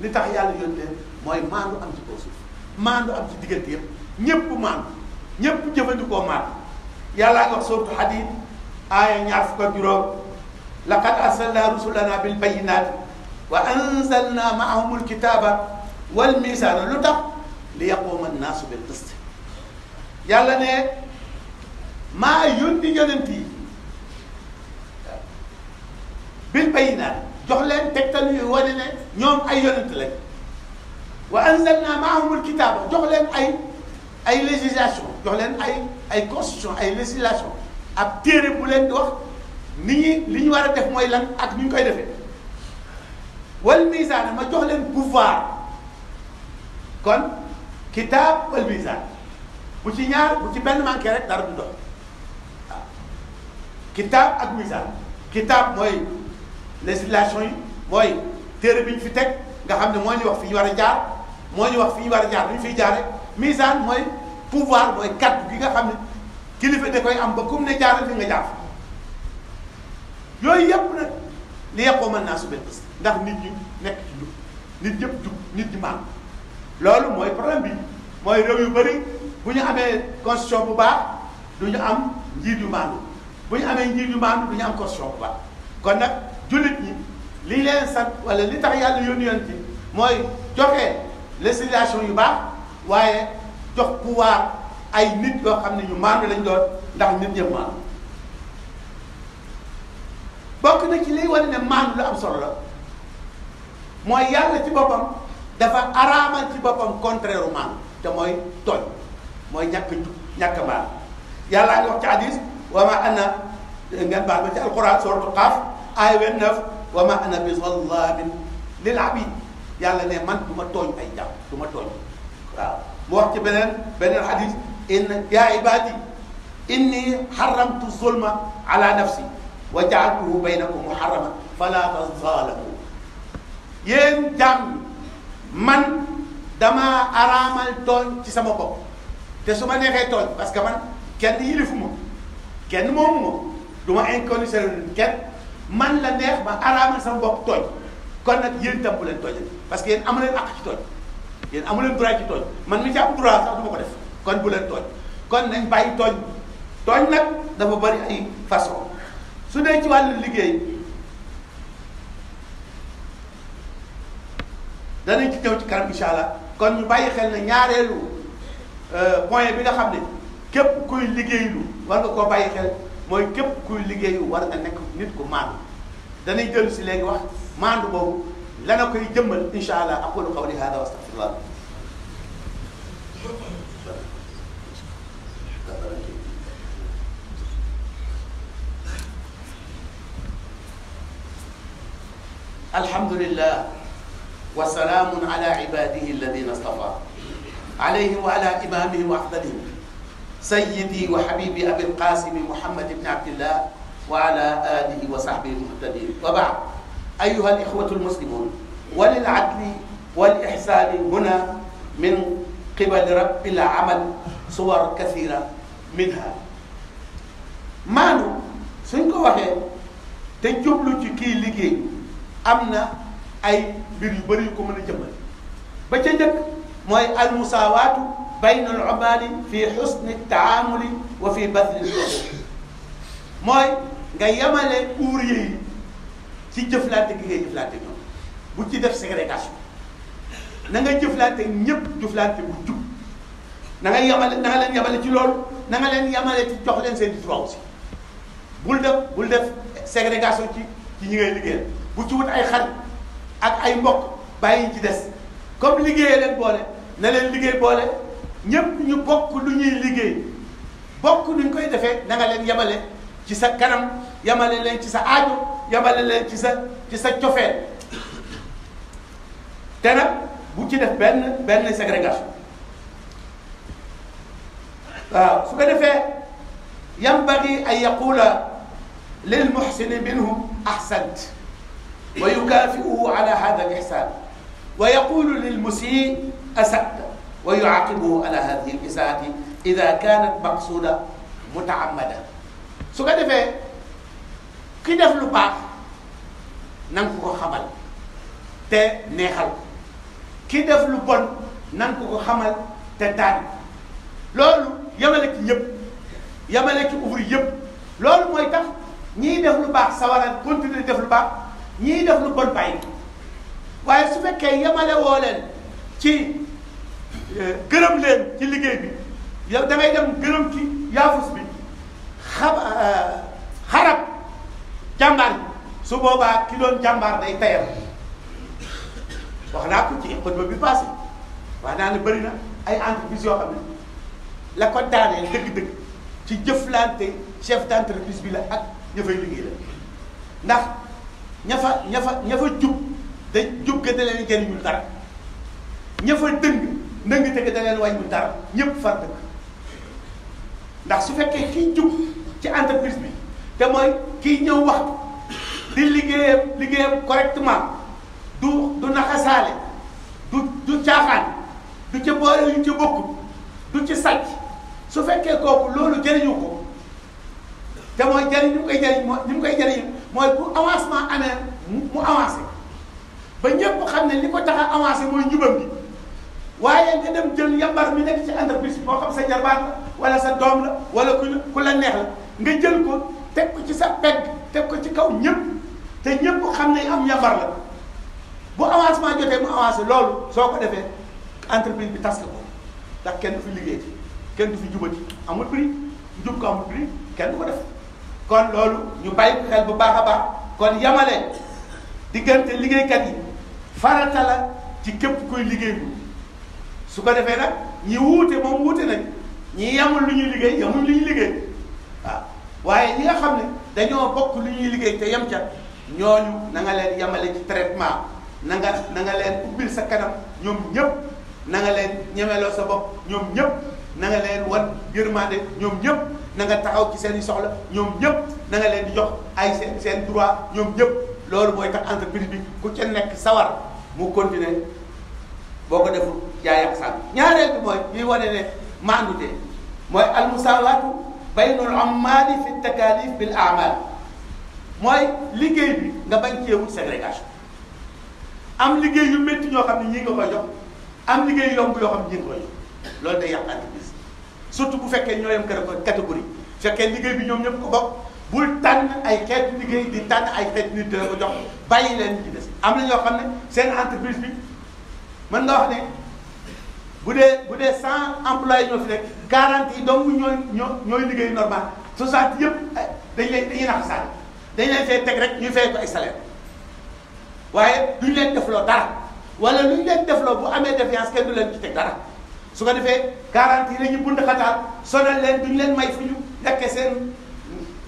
li tax yàlla yónni leen mooy maandu am ci kaw suuf maandu am ci diggante yépp ñépp maandu ñépp jëfandikoo maandu yàllaa nga wax sóotu xadiid aaya ñaar fukk ak juróom laqad arsalna rusulana bil bayyinati wa anzalna maahum alkitaba wal misaana lu tax li yaquuma annaasu bil qist yàlla ne maa yónni yonent yi bil bayyinaat jox leen tegtal yu wane ne ñoom ay yonent lañ wa anzalna maahumul kitaaba jox leen ay ay législation jox leen ay ay constitution ay législation ab téere bu leen di wax nit ñi li ñu war a def mooy lan ak ñu koy defee wal misaan ma jox leen pouvoir kon kitaab wal misaan bu ci ñaar bu ci benn manqué rek dara du dox waaw kitaab ak misaan kitaab mooy législation yi mooy téere bi ñu fi teg nga xam ne mooy ñu wax fi war a jaar moo ñu wax fi ñu war a jaar lu ñu jaar jaaree misaan mooy pouvoir mooy kàddu bi nga xam ne kilifa da koy am ba kum ne jaaral fi nga jaar. yooyu yëpp nag li yeqoo mën naa su bil qist ndax nit ñi nekk ci jub nit ñi maam loolu mooy problème bi mooy réew yu bëri bu ñu amee constitution bu baax du ñu am njiit yu maandu bu ñu amee njiit yu maandu du ñu am constitution bu baax kon nag jullit ñi li leen sant wala li tax yàlla yónni yoon ci mooy joxe législation yu baax waaye jox pouvoir ay nit yoo xam ne ñu maandu lañ doon ndax nit ñëpp maandu bokk na ci liy wane ne maandu lu am solo la mooy yàlla ci boppam dafa araamal ci boppam contraire u maandu te mooy tooñ mooy ñàkk jub maal yàllaa ngi wax ci hadis wa ma ana ma ci alquran suratul qaaf aaya 29 wa ma bi zallamin lil abid yàlla ne man du ma tooñ ay jàmm du ma tooñ waaw mu wax ci beneen beneen hadis in yaa ibadi inni haramtu zulma ala nafsi wa jaaltuhu baynakum muharraman fala tazaalamu yéen jàmm man damaa araamal tooñ ci sama ko te su ma neexee tooñ parce que man kenn yilifu ma kenn moomu ma du ma inconditionnel kenn man la neex ma araamal sama bopp tooñ kon nag yéen tam bu leen tooñal parce que yéen amu leen àq ci tooñ yéen amu leen droit ci tooñ man mi ci am droit sax du ma ko def kon bu leen tooñ kon nañ bàyyi tooñ tooñ nag dama bëri ay façon su dee ci wàllu liggéey danañ ci ñëw ci kanam incha allah kon ñu bàyyi xel ne ñaareelu euh, point bi nga xam ne képp kuy liggéeylu war nga koo bàyyi xel mooy képp kuy liggéeyu war nga nekk nit ku maandu danañ dellu si léegi wax maandu boobu lana koy jëmmal incha allah aqulu qawli hada wa astaghfirullah alhamdulillah wa salaamun ala ibadihi alladina stafa alayhi wa ala imamihim wa afdalihim sayyidi wa habibi abil qasimi muhammad ibni abdillah wa ala alihi wa sahbihi almuhtadin wa baad ayuha alikhwatu almuslimun وللعدل والإحسان هنا من قبل رب العمل صور كثيرة منها maanu suñ ko waxee te jublu ci kii liggéey am na ay mbir yu bëri yu ko mën a jëmmal ba ca njëkk mooy almusaawaatu bayna al ubaadi fi xusni taamuli wa fi badli mooy nga yemale ouvrier yi ci jëflante gi ngay jëflante ñoom bu ci def ségrégation na nga jëflante ñëpp jëflante bu jub na nga yemale na leen yemale ci loolu na leen yemale ci jox leen seen i droit aussi bul def bul def ségrégation ci ñi ngay liggéeyal bu ci wut ay xarit ak ay mbok mbokk bàyyi ci des comme liggéeyee leen boole na leen liggéey boole ñépp ñu bokk lu ñuy liggéey bokk nuñ koy defee na nga leen yemale ci sa kanam yemale leen ci sa aajo yemale leen ci sa ci sa cofeel te nag bu ci def benn benn ségrégation waaw su ko defee yambagi an yaqula lil muhsini minhum ahsant wa yukaafi'uhu ala hada al ihsan wa yaqulu lil musii asa'ta wa yuaqibuhu ala hadihi al isaati ida kaanat maqsuuda mutaamada su ko defee ki def lu baax na nga ko xamal te neexal ki def lu bon na nga ko xamal te daan loolu yemale ci ñëpp yemale ci ouvrier yëpp loolu mooy tax ñiy def lu baax sawaral continuer def lu paax ñiy def lu bon bàyyi waaye su fekkee yemale woo leen ci euh, gërëm leen ci liggéey bi yow da ngay dem gërëm ci yaafus bi xa euh, xarab jàmbaar su boobaa ki doon jàmbaar day tayal wax naa ci xutba bi passé wax naa ne bëri na ay entreprise yoo xam ne la ko daaneel dëgg-dëgg ci jëflante chef d'entreprise bi la ak ña liggéey la ña fa ña fa ña fa jub da jub ga da leen jëriñul dara ña fa dëng ndëng te ga da leen dara ñëpp far dëkk ndax su fekkee kii jub ci entreprise bi te mooy kii ñëw wax di liggéeyam liggéeyam correctement du du naxasaale du du caaxaan du ca boole yu ci bokk du ci sàcc su fekkee kooku loolu jëriñu ko te mooy jëriñ ni mu koy jëriñ moo mu koy jëriñ mooy bu avancement amee mu avancé ba ñëpp xam ne li ko tax a avancé mooy njubam gi waaye nga dem jël yambar mi nekk ci entreprise boo xam sa jarbaat la wala sa doom la wala ku ku la neex la nga jël ko teg ko ci sa pegg teg ko ci kaw ñëpp te ñëpp xam ne am yambar la bu avancement jotee mu avancé loolu soo ko defee entreprise bi tas ko ndax kenn du fi liggéey kenn du fi jubati amul prix njub ko amul prix kenn du ko def. kon loolu ñu bàyyi xel bu baax a baax kon yamale diggante liggéeykat yi farata la ci képp koy liggéey su ko defee nag ñi wuute moom wuute nañ ñi yamul lu ñuy liggéey yamul lu ñuy liggéey waaye ñi nga xam ne dañoo bokk lu ñuy liggéey te yem ca ñooñu na leen yamale ci traitement na nga na nga leen ubbil sa kanam ñoom ñëpp na nga leen ñemeloo sa bopp ñoom ñëpp na nga leen wan yërmande ñoom ñëpp na nga taxaw ci seen i soxla ñoom ñëpp na nga leen di jox ay seen seen droit ñoom ñëpp loolu mooy tax entreprise bi ku ca nekk sawar mu continuer boo ko deful yaa yàq sànq ñaareel bi mooy ñuy wane ne maandute mooy almusawaatu baynul ammaali fi takalif bil amal mooy liggéey bi nga bañ cee wut ségrégation am liggéey yu métti ñoo xam ne ñii nga koy jox am liggéey yomb yoo xam ne ñii nga koy jox loolu day yàq entreprise surtout bu fekkee ñoo yem catégorie fekkee liggéey bi ñoom ñëpp ko bokk bul tànn ay xeetu liggéey di tànn ay xeetu nit dina ko jox bàyyi leen ci des am na ñoo xam ne seen entreprise bi mën nga wax ne bu dee bu dee cent employés ñoo fi nekk quarante yi dong ñooy ñoo ñooy liggéey normal soixante yëpp dañ leen dañuy nax saal dañ leen fay teg rek ñu fee ko ay salaire waaye duñ leen defloo dara wala luñ leen loo bu amee défiance kenn du leen ci dara su ko defee garanti yi dañuy bund xataal sonal leen duñ leen may fu ñu lekkee seen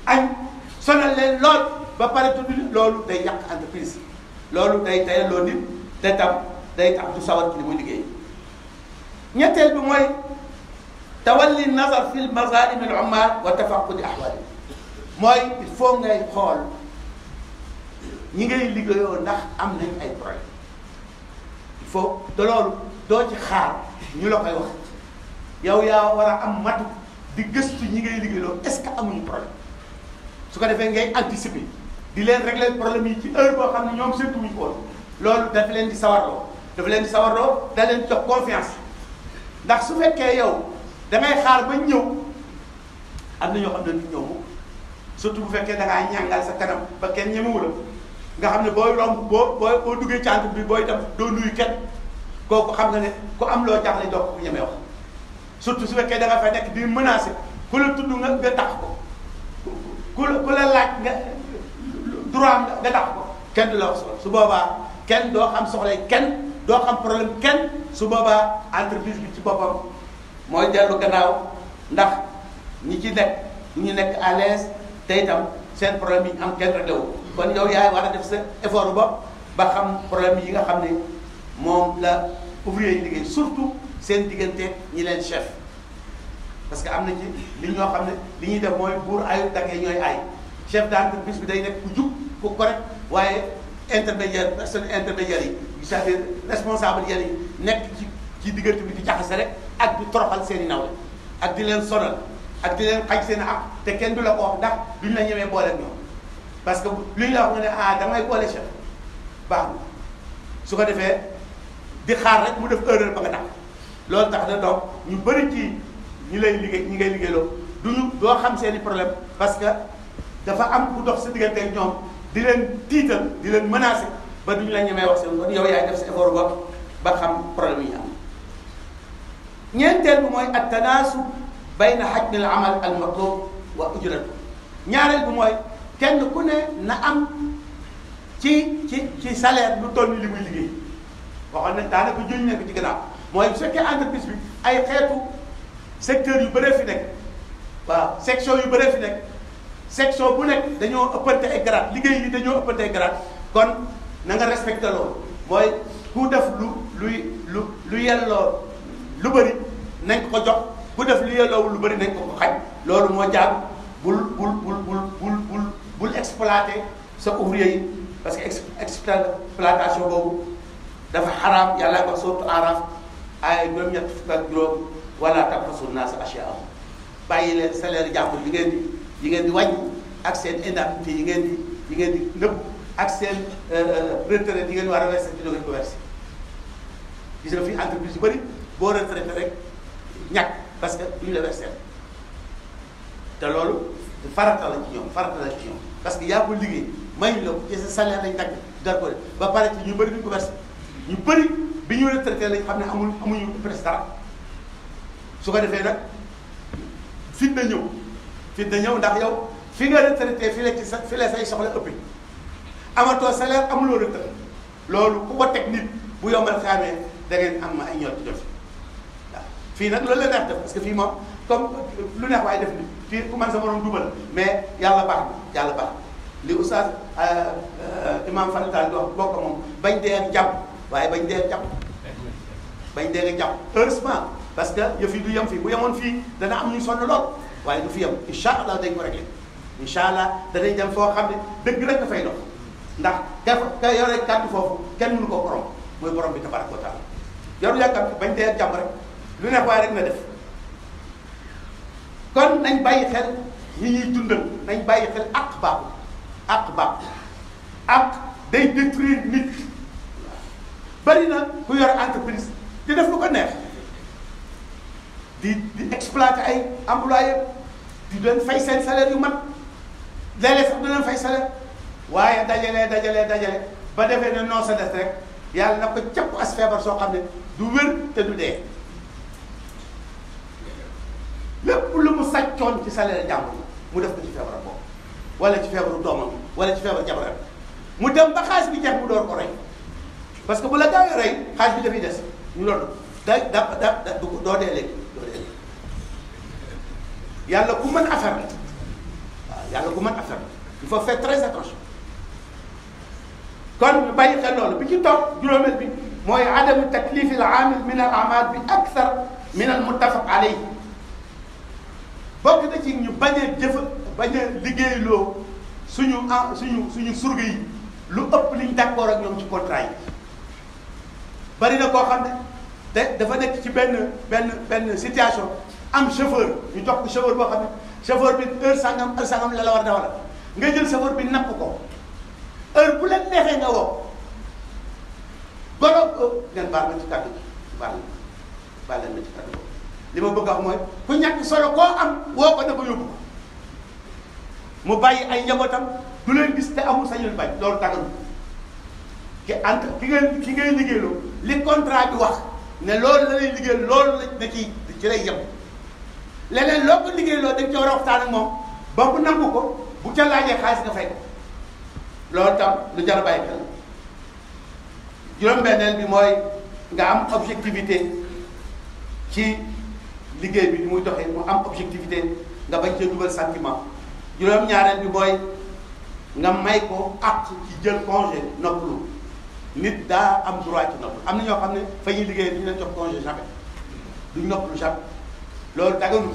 añ sonal leen lool ba pare tudd loolu day yàq entreprise loolu day tey loolu nit te tam day tax du sawar ci li muy liggéey ñetteel bi mooy tawalli nazar fil mazalim al ummar wa tafaqudi ahwali mooy il faut ngay xool ñi ngay liggéeyoo ndax am nañ ay problème il faut te loolu doo ci xaar ñu la koy wax yow yaa war a am matu di gëstu ñi ngay liggéeyloo est-ce que amuñu problème su ko defee ngay anticiper di leen rek leen problème yi ci heure boo xam ne ñoom surtout ñu ko woon loolu leen di sawarloo dafa leen di sawarloo leen jox confiance ndax su fekkee yow da ngay xaar ñëw am na ñoo xam ne du bu fekkee da ngaa ñàngal sa kanam ba kenn ñemewu la nga xam ne booy romb boo boo boo duggee cànt bi booy dem doo nuyu kenn. kooku xam nga ne ku am loo jaaxle doo ko ñeme wax surtout su fekkee da nga fay nekk di menacé ku la tudd nga nga tax ko ku la ku la laaj nga droit am nga tax ko kenn du la wax su boobaa kenn doo xam soxlay kenn doo xam problème kenn su boobaa entreprise bi ci boppam mooy dellu gannaaw ndax ñi ci nekk ñu nekk à l'aise te itam seen problème yi am kenn réglé wu kon yow yaay war a def sa effort bopp ba xam problème yi nga xam ne. moom la ouvrier yi liggéey surtout seen diggante ñi leen chef parce que am na ñi li ñoo xam ne li ñuy def mooy buur ayut da ngay ñooy ay chef d'entreprise bi day nekk ku jub ku correct waaye intermédiaire personne intermédiaire yi c'est-à-dire responsable yi nekk ci ci diggante bi di jaxase rek ak di toroxal seen i nawle ak di leen sonal ak di leen xaj seen ak te kenn du la ko wax ndax duñ la ñemee boole ñoom parce que luñ la wax nga ne ah damay boole chef baax na su ko defee. di xaar rek mu def erreur ba nga tax loolu tax na donc ñu bëri ci ñi lay liggéey ñi ngay liggéeyloo ñu doo xam seen i problème parce que dafa am ku dox sa diggante ak ñoom di leen tiital di leen menacé ba duñu la ñemee wax seen kon yow yaay def sa effort bopp ba xam problème yi am ñeenteel bi mooy at tanaasub bayna xajmi al amal al matlub wa ujratu ñaareel bi mooy kenn ku ne na am ci ci ci salaire lu toll ni li muy liggéey waaw waxoon nañ daanaka jëñ nekk ci gannaaw mooy bu fekkee entreprise bi ay xeetu secteur yu bëree fi nekk waaw section yu bëree fi nekk section bu nekk dañoo ëppante ay grade liggéey yi dañoo ëppante ay grade kon na nga respecté loolu mooy ku def lu lu lu yelloo lu bëri nañ ko jox ku def lu yelloowul lu bëri nañ ko ko xaj loolu moo jaagu bul bul bul bul bul bul bul exploité sa ouvrier yi parce que exploitation boobu dafa xaraam yàlla ko sootu aaraaf ay ñoom ñett fukk ak juróom wala tabxasu naas ashya'ahum bàyyi leen salaire jàmbur yi ngeen di yi ngeen di wàññi ak seen indemnité yi ngeen di yi ngeen di nëpp ak seen euh, euh, retraite yi ngeen war a versé di ko versé gis nga fi entreprise yu bëri boo retraité rek ñàkk parce que duñu la te loolu farata la ci ñoom farata la ci ñoom parce que yaa ko liggéey may la ko ci sa salaire lañ dagg dar ba pare ci ñu bëri duñ ko versé ñu bëri bi ñu retraité lañ xam ne amul amuñu presque su ko defee nag fit na ñëw fit na ñëw ndax yow fi nga retraité fi la fi la say soxla ëppi amatoo salaire amuloo retraite loolu ku ko teg nit bu yombal sa da ngeen am ay ñor ci def waaw fii nag loolu la neex def parce que fii moom comme lu neex waaye def nit fii ku man sa morom dubal mais yàlla baax na yàlla baax li oustaz euh, euh, imam Fatal di wax bokk moom bañ dee ak jàpp waaye bañ dee jàpp bañ dee nga jàpp parce que yëf yi du yem fii bu yemoon fii dana am ñu sonn lool waaye du fi yem incha allah day ko réglé incha allah danañ dem foo xam ne dëgg rek dafay dox ndax ka ka yore foofu kenn mënu koo borom mooy borom bi tabaraka wa taala yoru yàkkam bañ dee jàmm rek lu neex waaye rek na def kon nañ bàyyi xel ñi ñuy dundal nañ bàyyi xel ak baaxul ak baaxul ak day bari na ku yor entreprise di def lu ko neex di di exploiter ay employé di doon fay seen salaire yu mat léeg-léeg sax dana fay salaire waaye dajale dajale dajale ba defee ne noo sa des rek yàlla na ko cëpp as feebar soo xam ne du wér te du dee lépp lu mu sàccoon ci salaire jàmbur mu def ko ci feebaram boobu wala ci feebaru doomam wala ci feebaru jabaram mu dem ba xaalis bi jeex mu door ko rey parce que bu la gaaw a rey xaalis bi dafay des ñu loolu da da da da doo dee léegi doo dee léegi yàlla ku mën affaire la mën affaire la il faut faire kon ñu bàyyi xel loolu bi ci toog juróomeel bi mooy adamu taklifi al amil min al amal bi akthar min al muttafaq alayhi bokk na ci ñu bañ a jëf bañ a liggéeyloo suñu en ah, suñu suñu surga lu ëpp li d'accord ak ñoom ci contrat yi bari na koo xam ne dafa nekk ci benn benn benn situation am chauffeur ñu jox ko chauffeur boo xam ne chauffeur bi heure sangam heure sangam la la war a la nga jël chauffeur bi napp ko heure bu la neexee nga woo goro oh, ngeen baal ma ci kàddu baal baal leen ma ci kàddu boobu li ma bëgg a wax mooy ku ñàkk solo koo am woo ko na yóbbu ko mu bàyyi ay njabootam du leen gis te amul sañul bañ loolu tàggalu ki entre ki ngay ki ngay liggéeyloo li contrat bi wax ne loolu la lay liggéey loolu la na ci ci lay yem leneen loo ko liggéeyloo dañ ca war a waxtaan ak moom ba bu nangu ko bu ca laajee xaalis nga fay ko loolu tam lu jar a juróom-benneel bi mooy nga am objectivité ci liggéey bi ni muy doxee mu am objectivité nga bañ ca dugal sentiment juróom-ñaareel bi mooy nga may ko àq ci jël congé noppalu nit daa am droit ci nopp am na ñoo xam ne fa ñuy liggéey ñu leen jox congé jamais duñ nopp lu jamais loolu daganu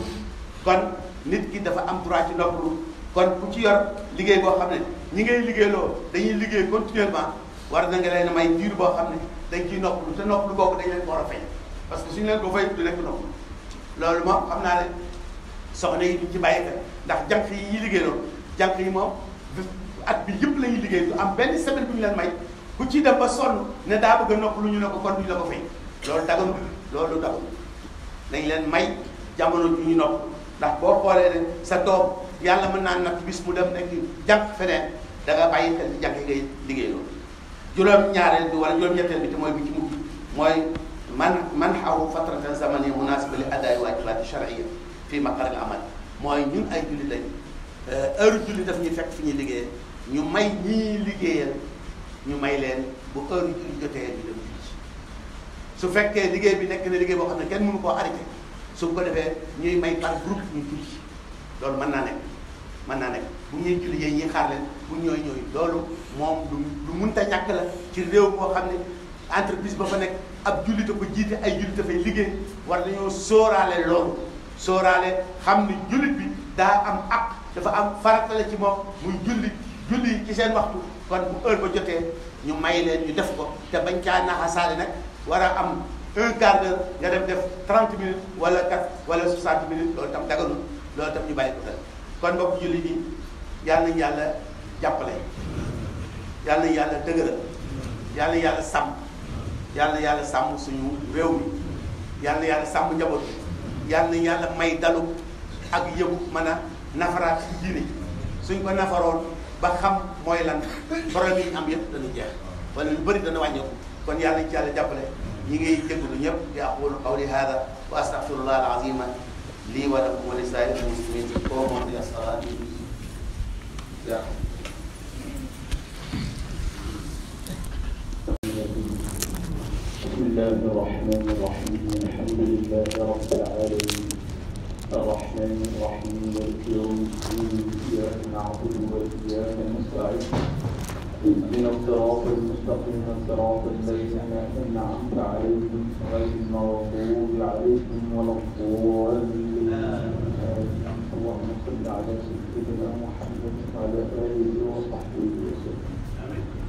kon nit ki dafa am droit ci nopp lu kon ku ci yor liggéey boo xam ne ñi ngay liggéeyloo dañuy liggéey continuellement war na nga leen may diir boo xam ne dañ ciy nopp lu nopp lu boobu dañ leen ko war a fay parce que suñu leen ko fay du nekk nopp loolu moom xam naa ne soxna yi duñ ci bàyyi xel ndax jànq yi ñuy liggéeyloo jànq yi moom at bi yëpp la liggéey du am benn semaine bu ñu leen may ku ci dem ba sonn ne daa bëgg a nopp lu ñu ne ko kon duñ la ko fay loolu daganu loolu dagu dañ leen may jamono ju ñu nopp ndax boo xoolee ne sa doom yàlla mën naa nag bis mu dem nekk jàng feneen da nga bàyyi xel ci jàng yi ngay liggéey loolu juróom-ñaareel bi wala juróom-ñetteel bi te mooy bi ci mujj mooy man man xawu fatratan zamani munasiba li adaay waajibaati charia fii maqar al amal mooy ñun ay julli lañ euh, heure julli daf ñuy fekk fi ñuy liggéeyee ñu may ñii liggéeyal ñu may leen bu heure julli jotee ñu dem julli su fekkee liggéey bi nekk na liggéey boo xam ne kenn mënu koo arrêté su ko defee ñuy may par groupe ñu julli loolu mën naa nekk mën naa nekk bu ñuy julli yéen ñi xaar leen bu ñooy ñooy loolu moom lu lu mënta ñàkk la ci réew boo xam ne entreprise ba fa nekk ab jullite ko jiite ay jullite fay liggéey war dañoo sóoraale loolu sooraale xam ne jullit bi daa am ak dafa am farata la ci moom muy julli julli ci seen waxtu kon bu heure ba jotee ñu may leen ñu def ko te bañ caa naxasaale nag war a am un quart d'heure nga dem def 30 minutes wala 4 wala 60 minutes loolu tam daganul loolu tam ñu bàyyi ko dal kon mbokk julli ñi yàlla nañu yàlla jàppale yàlla nañu yàlla dëgëral yàlla yàlla sàmm yàlla yàlla sàmm suñu réew mi yàlla yàlla sàmm njaboot bi yàlla na yàlla may dalu ak yëgu mën a nafaraat ci diine suñ ko nafaroon ba xam mooy lan borom yi ñu am yëpp dañu jeex wala lu bëri dana wàññeeku kon yàlla ci yàlla jàppale ñi ngi jégalu ñëpp di aqulu qawli hada wa astaghfirullah al-azima lii wa lakum wa li saa'iril muslimin qoomu ila salaati بسم الله الرحمن الرحيم الحمد لله رب العالمين الرحمن الرحيم مالك يوم الدين إياك نعبد وإياك نستعين اهدنا الصراط المستقيم صراط الذين أنعمت عليهم غير المغضوب عليهم ولا الضالين اللهم صل على سيدنا محمد وعلى آله وصحبه وسلم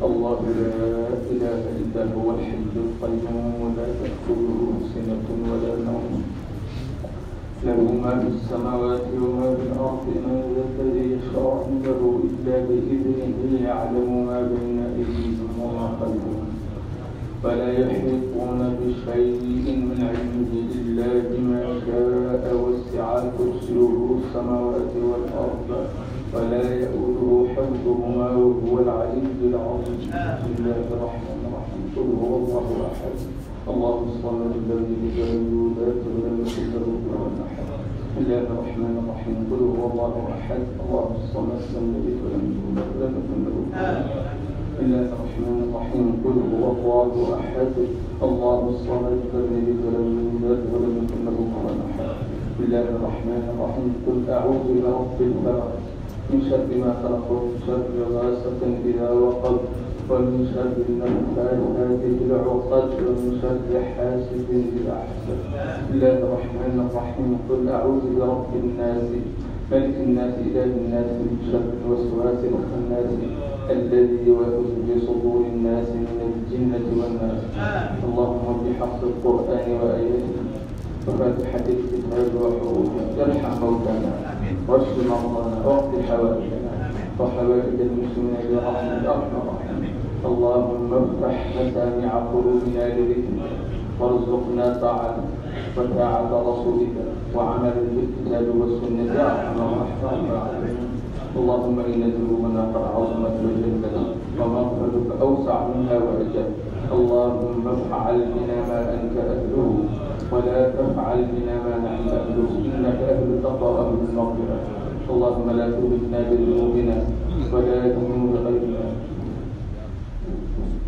الله لا إله إلا هو الحي القيوم لا تأخذه سنة ولا نوم له ما في السماوات وما في الأرض من ذا الذي عنده إلا بإذنه يعلم ما بين أيديهم وما خلفهم فلا يحيطون بشيء من علمه إلا بما شاء وسع كرسيه السماوات والأرض ولا يؤوده حفظهما وهو العلي العظيم بسم الله الرحمن الرحيم قل هو الله أحد اللهم الصمد الذي لم يولد ولم يكن له كفوا احد الله الرحمن الرحيم قل هو الله احد اللهم الصمد لم يلد ولم يولد ولم يكن له كفوا احد الله الرحمن الرحيم قل هو الله احد الله الصمد لم يلد ولم يولد ولم يكن له كفوا احد الله الرحمن الرحيم قل اعوذ برب الفلق من شر ما خلق ومن شر غاسق اذا وقب ومن شر النفاثات في العقد ومن شر حاسد إذا حسد بسم الله الرحمن الرحيم قل أعوذ برب الناس ملك الناس إله الناس من شر الوسواس الخناس الذي يوسوس في صدور الناس من الجنة والناس اللهم بحفظ القرآن وآياته وفاتحة الكتاب وحروفه ارحم موتانا واشف مرضانا واقض حوائجنا وحوائج المسلمين برحمة أرحم الراحمين اللهم افتح مسامع قلوبنا لذكرك وارزقنا طاعتك وطاعة رسولك وعملا بالكتاب والسنة يا أرحم الراحمين اللهم إن ذنوبنا قد عظمت وجلت ومغفرتك أوسع منا وأجل اللهم افعل بنا ما أنت أهله ولا تفعل بنا ما نحن أهله إنك أهل التقوى وأهل المغفرة اللهم لا تهلكنا بذنوبنا ولا تهلكنا بغيرنا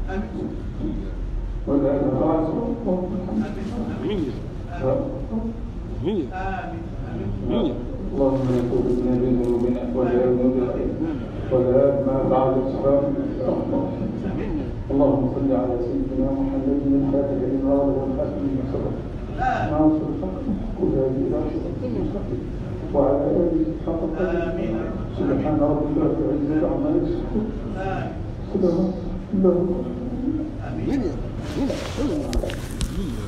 wala ak xalaat sama bopp amiin amiin amiin اللهم لا تؤمنا بذنوبنا ولا ذنوبنا ولا ما بعد الصلاة اللهم صل على سيدنا محمد من خاتم النار والخاتم المسرة ناصر الحق كلها براشد وعلى آله حق آمين سبحان ربك رب العزة عما يصفون سلام loolu. amiin ah,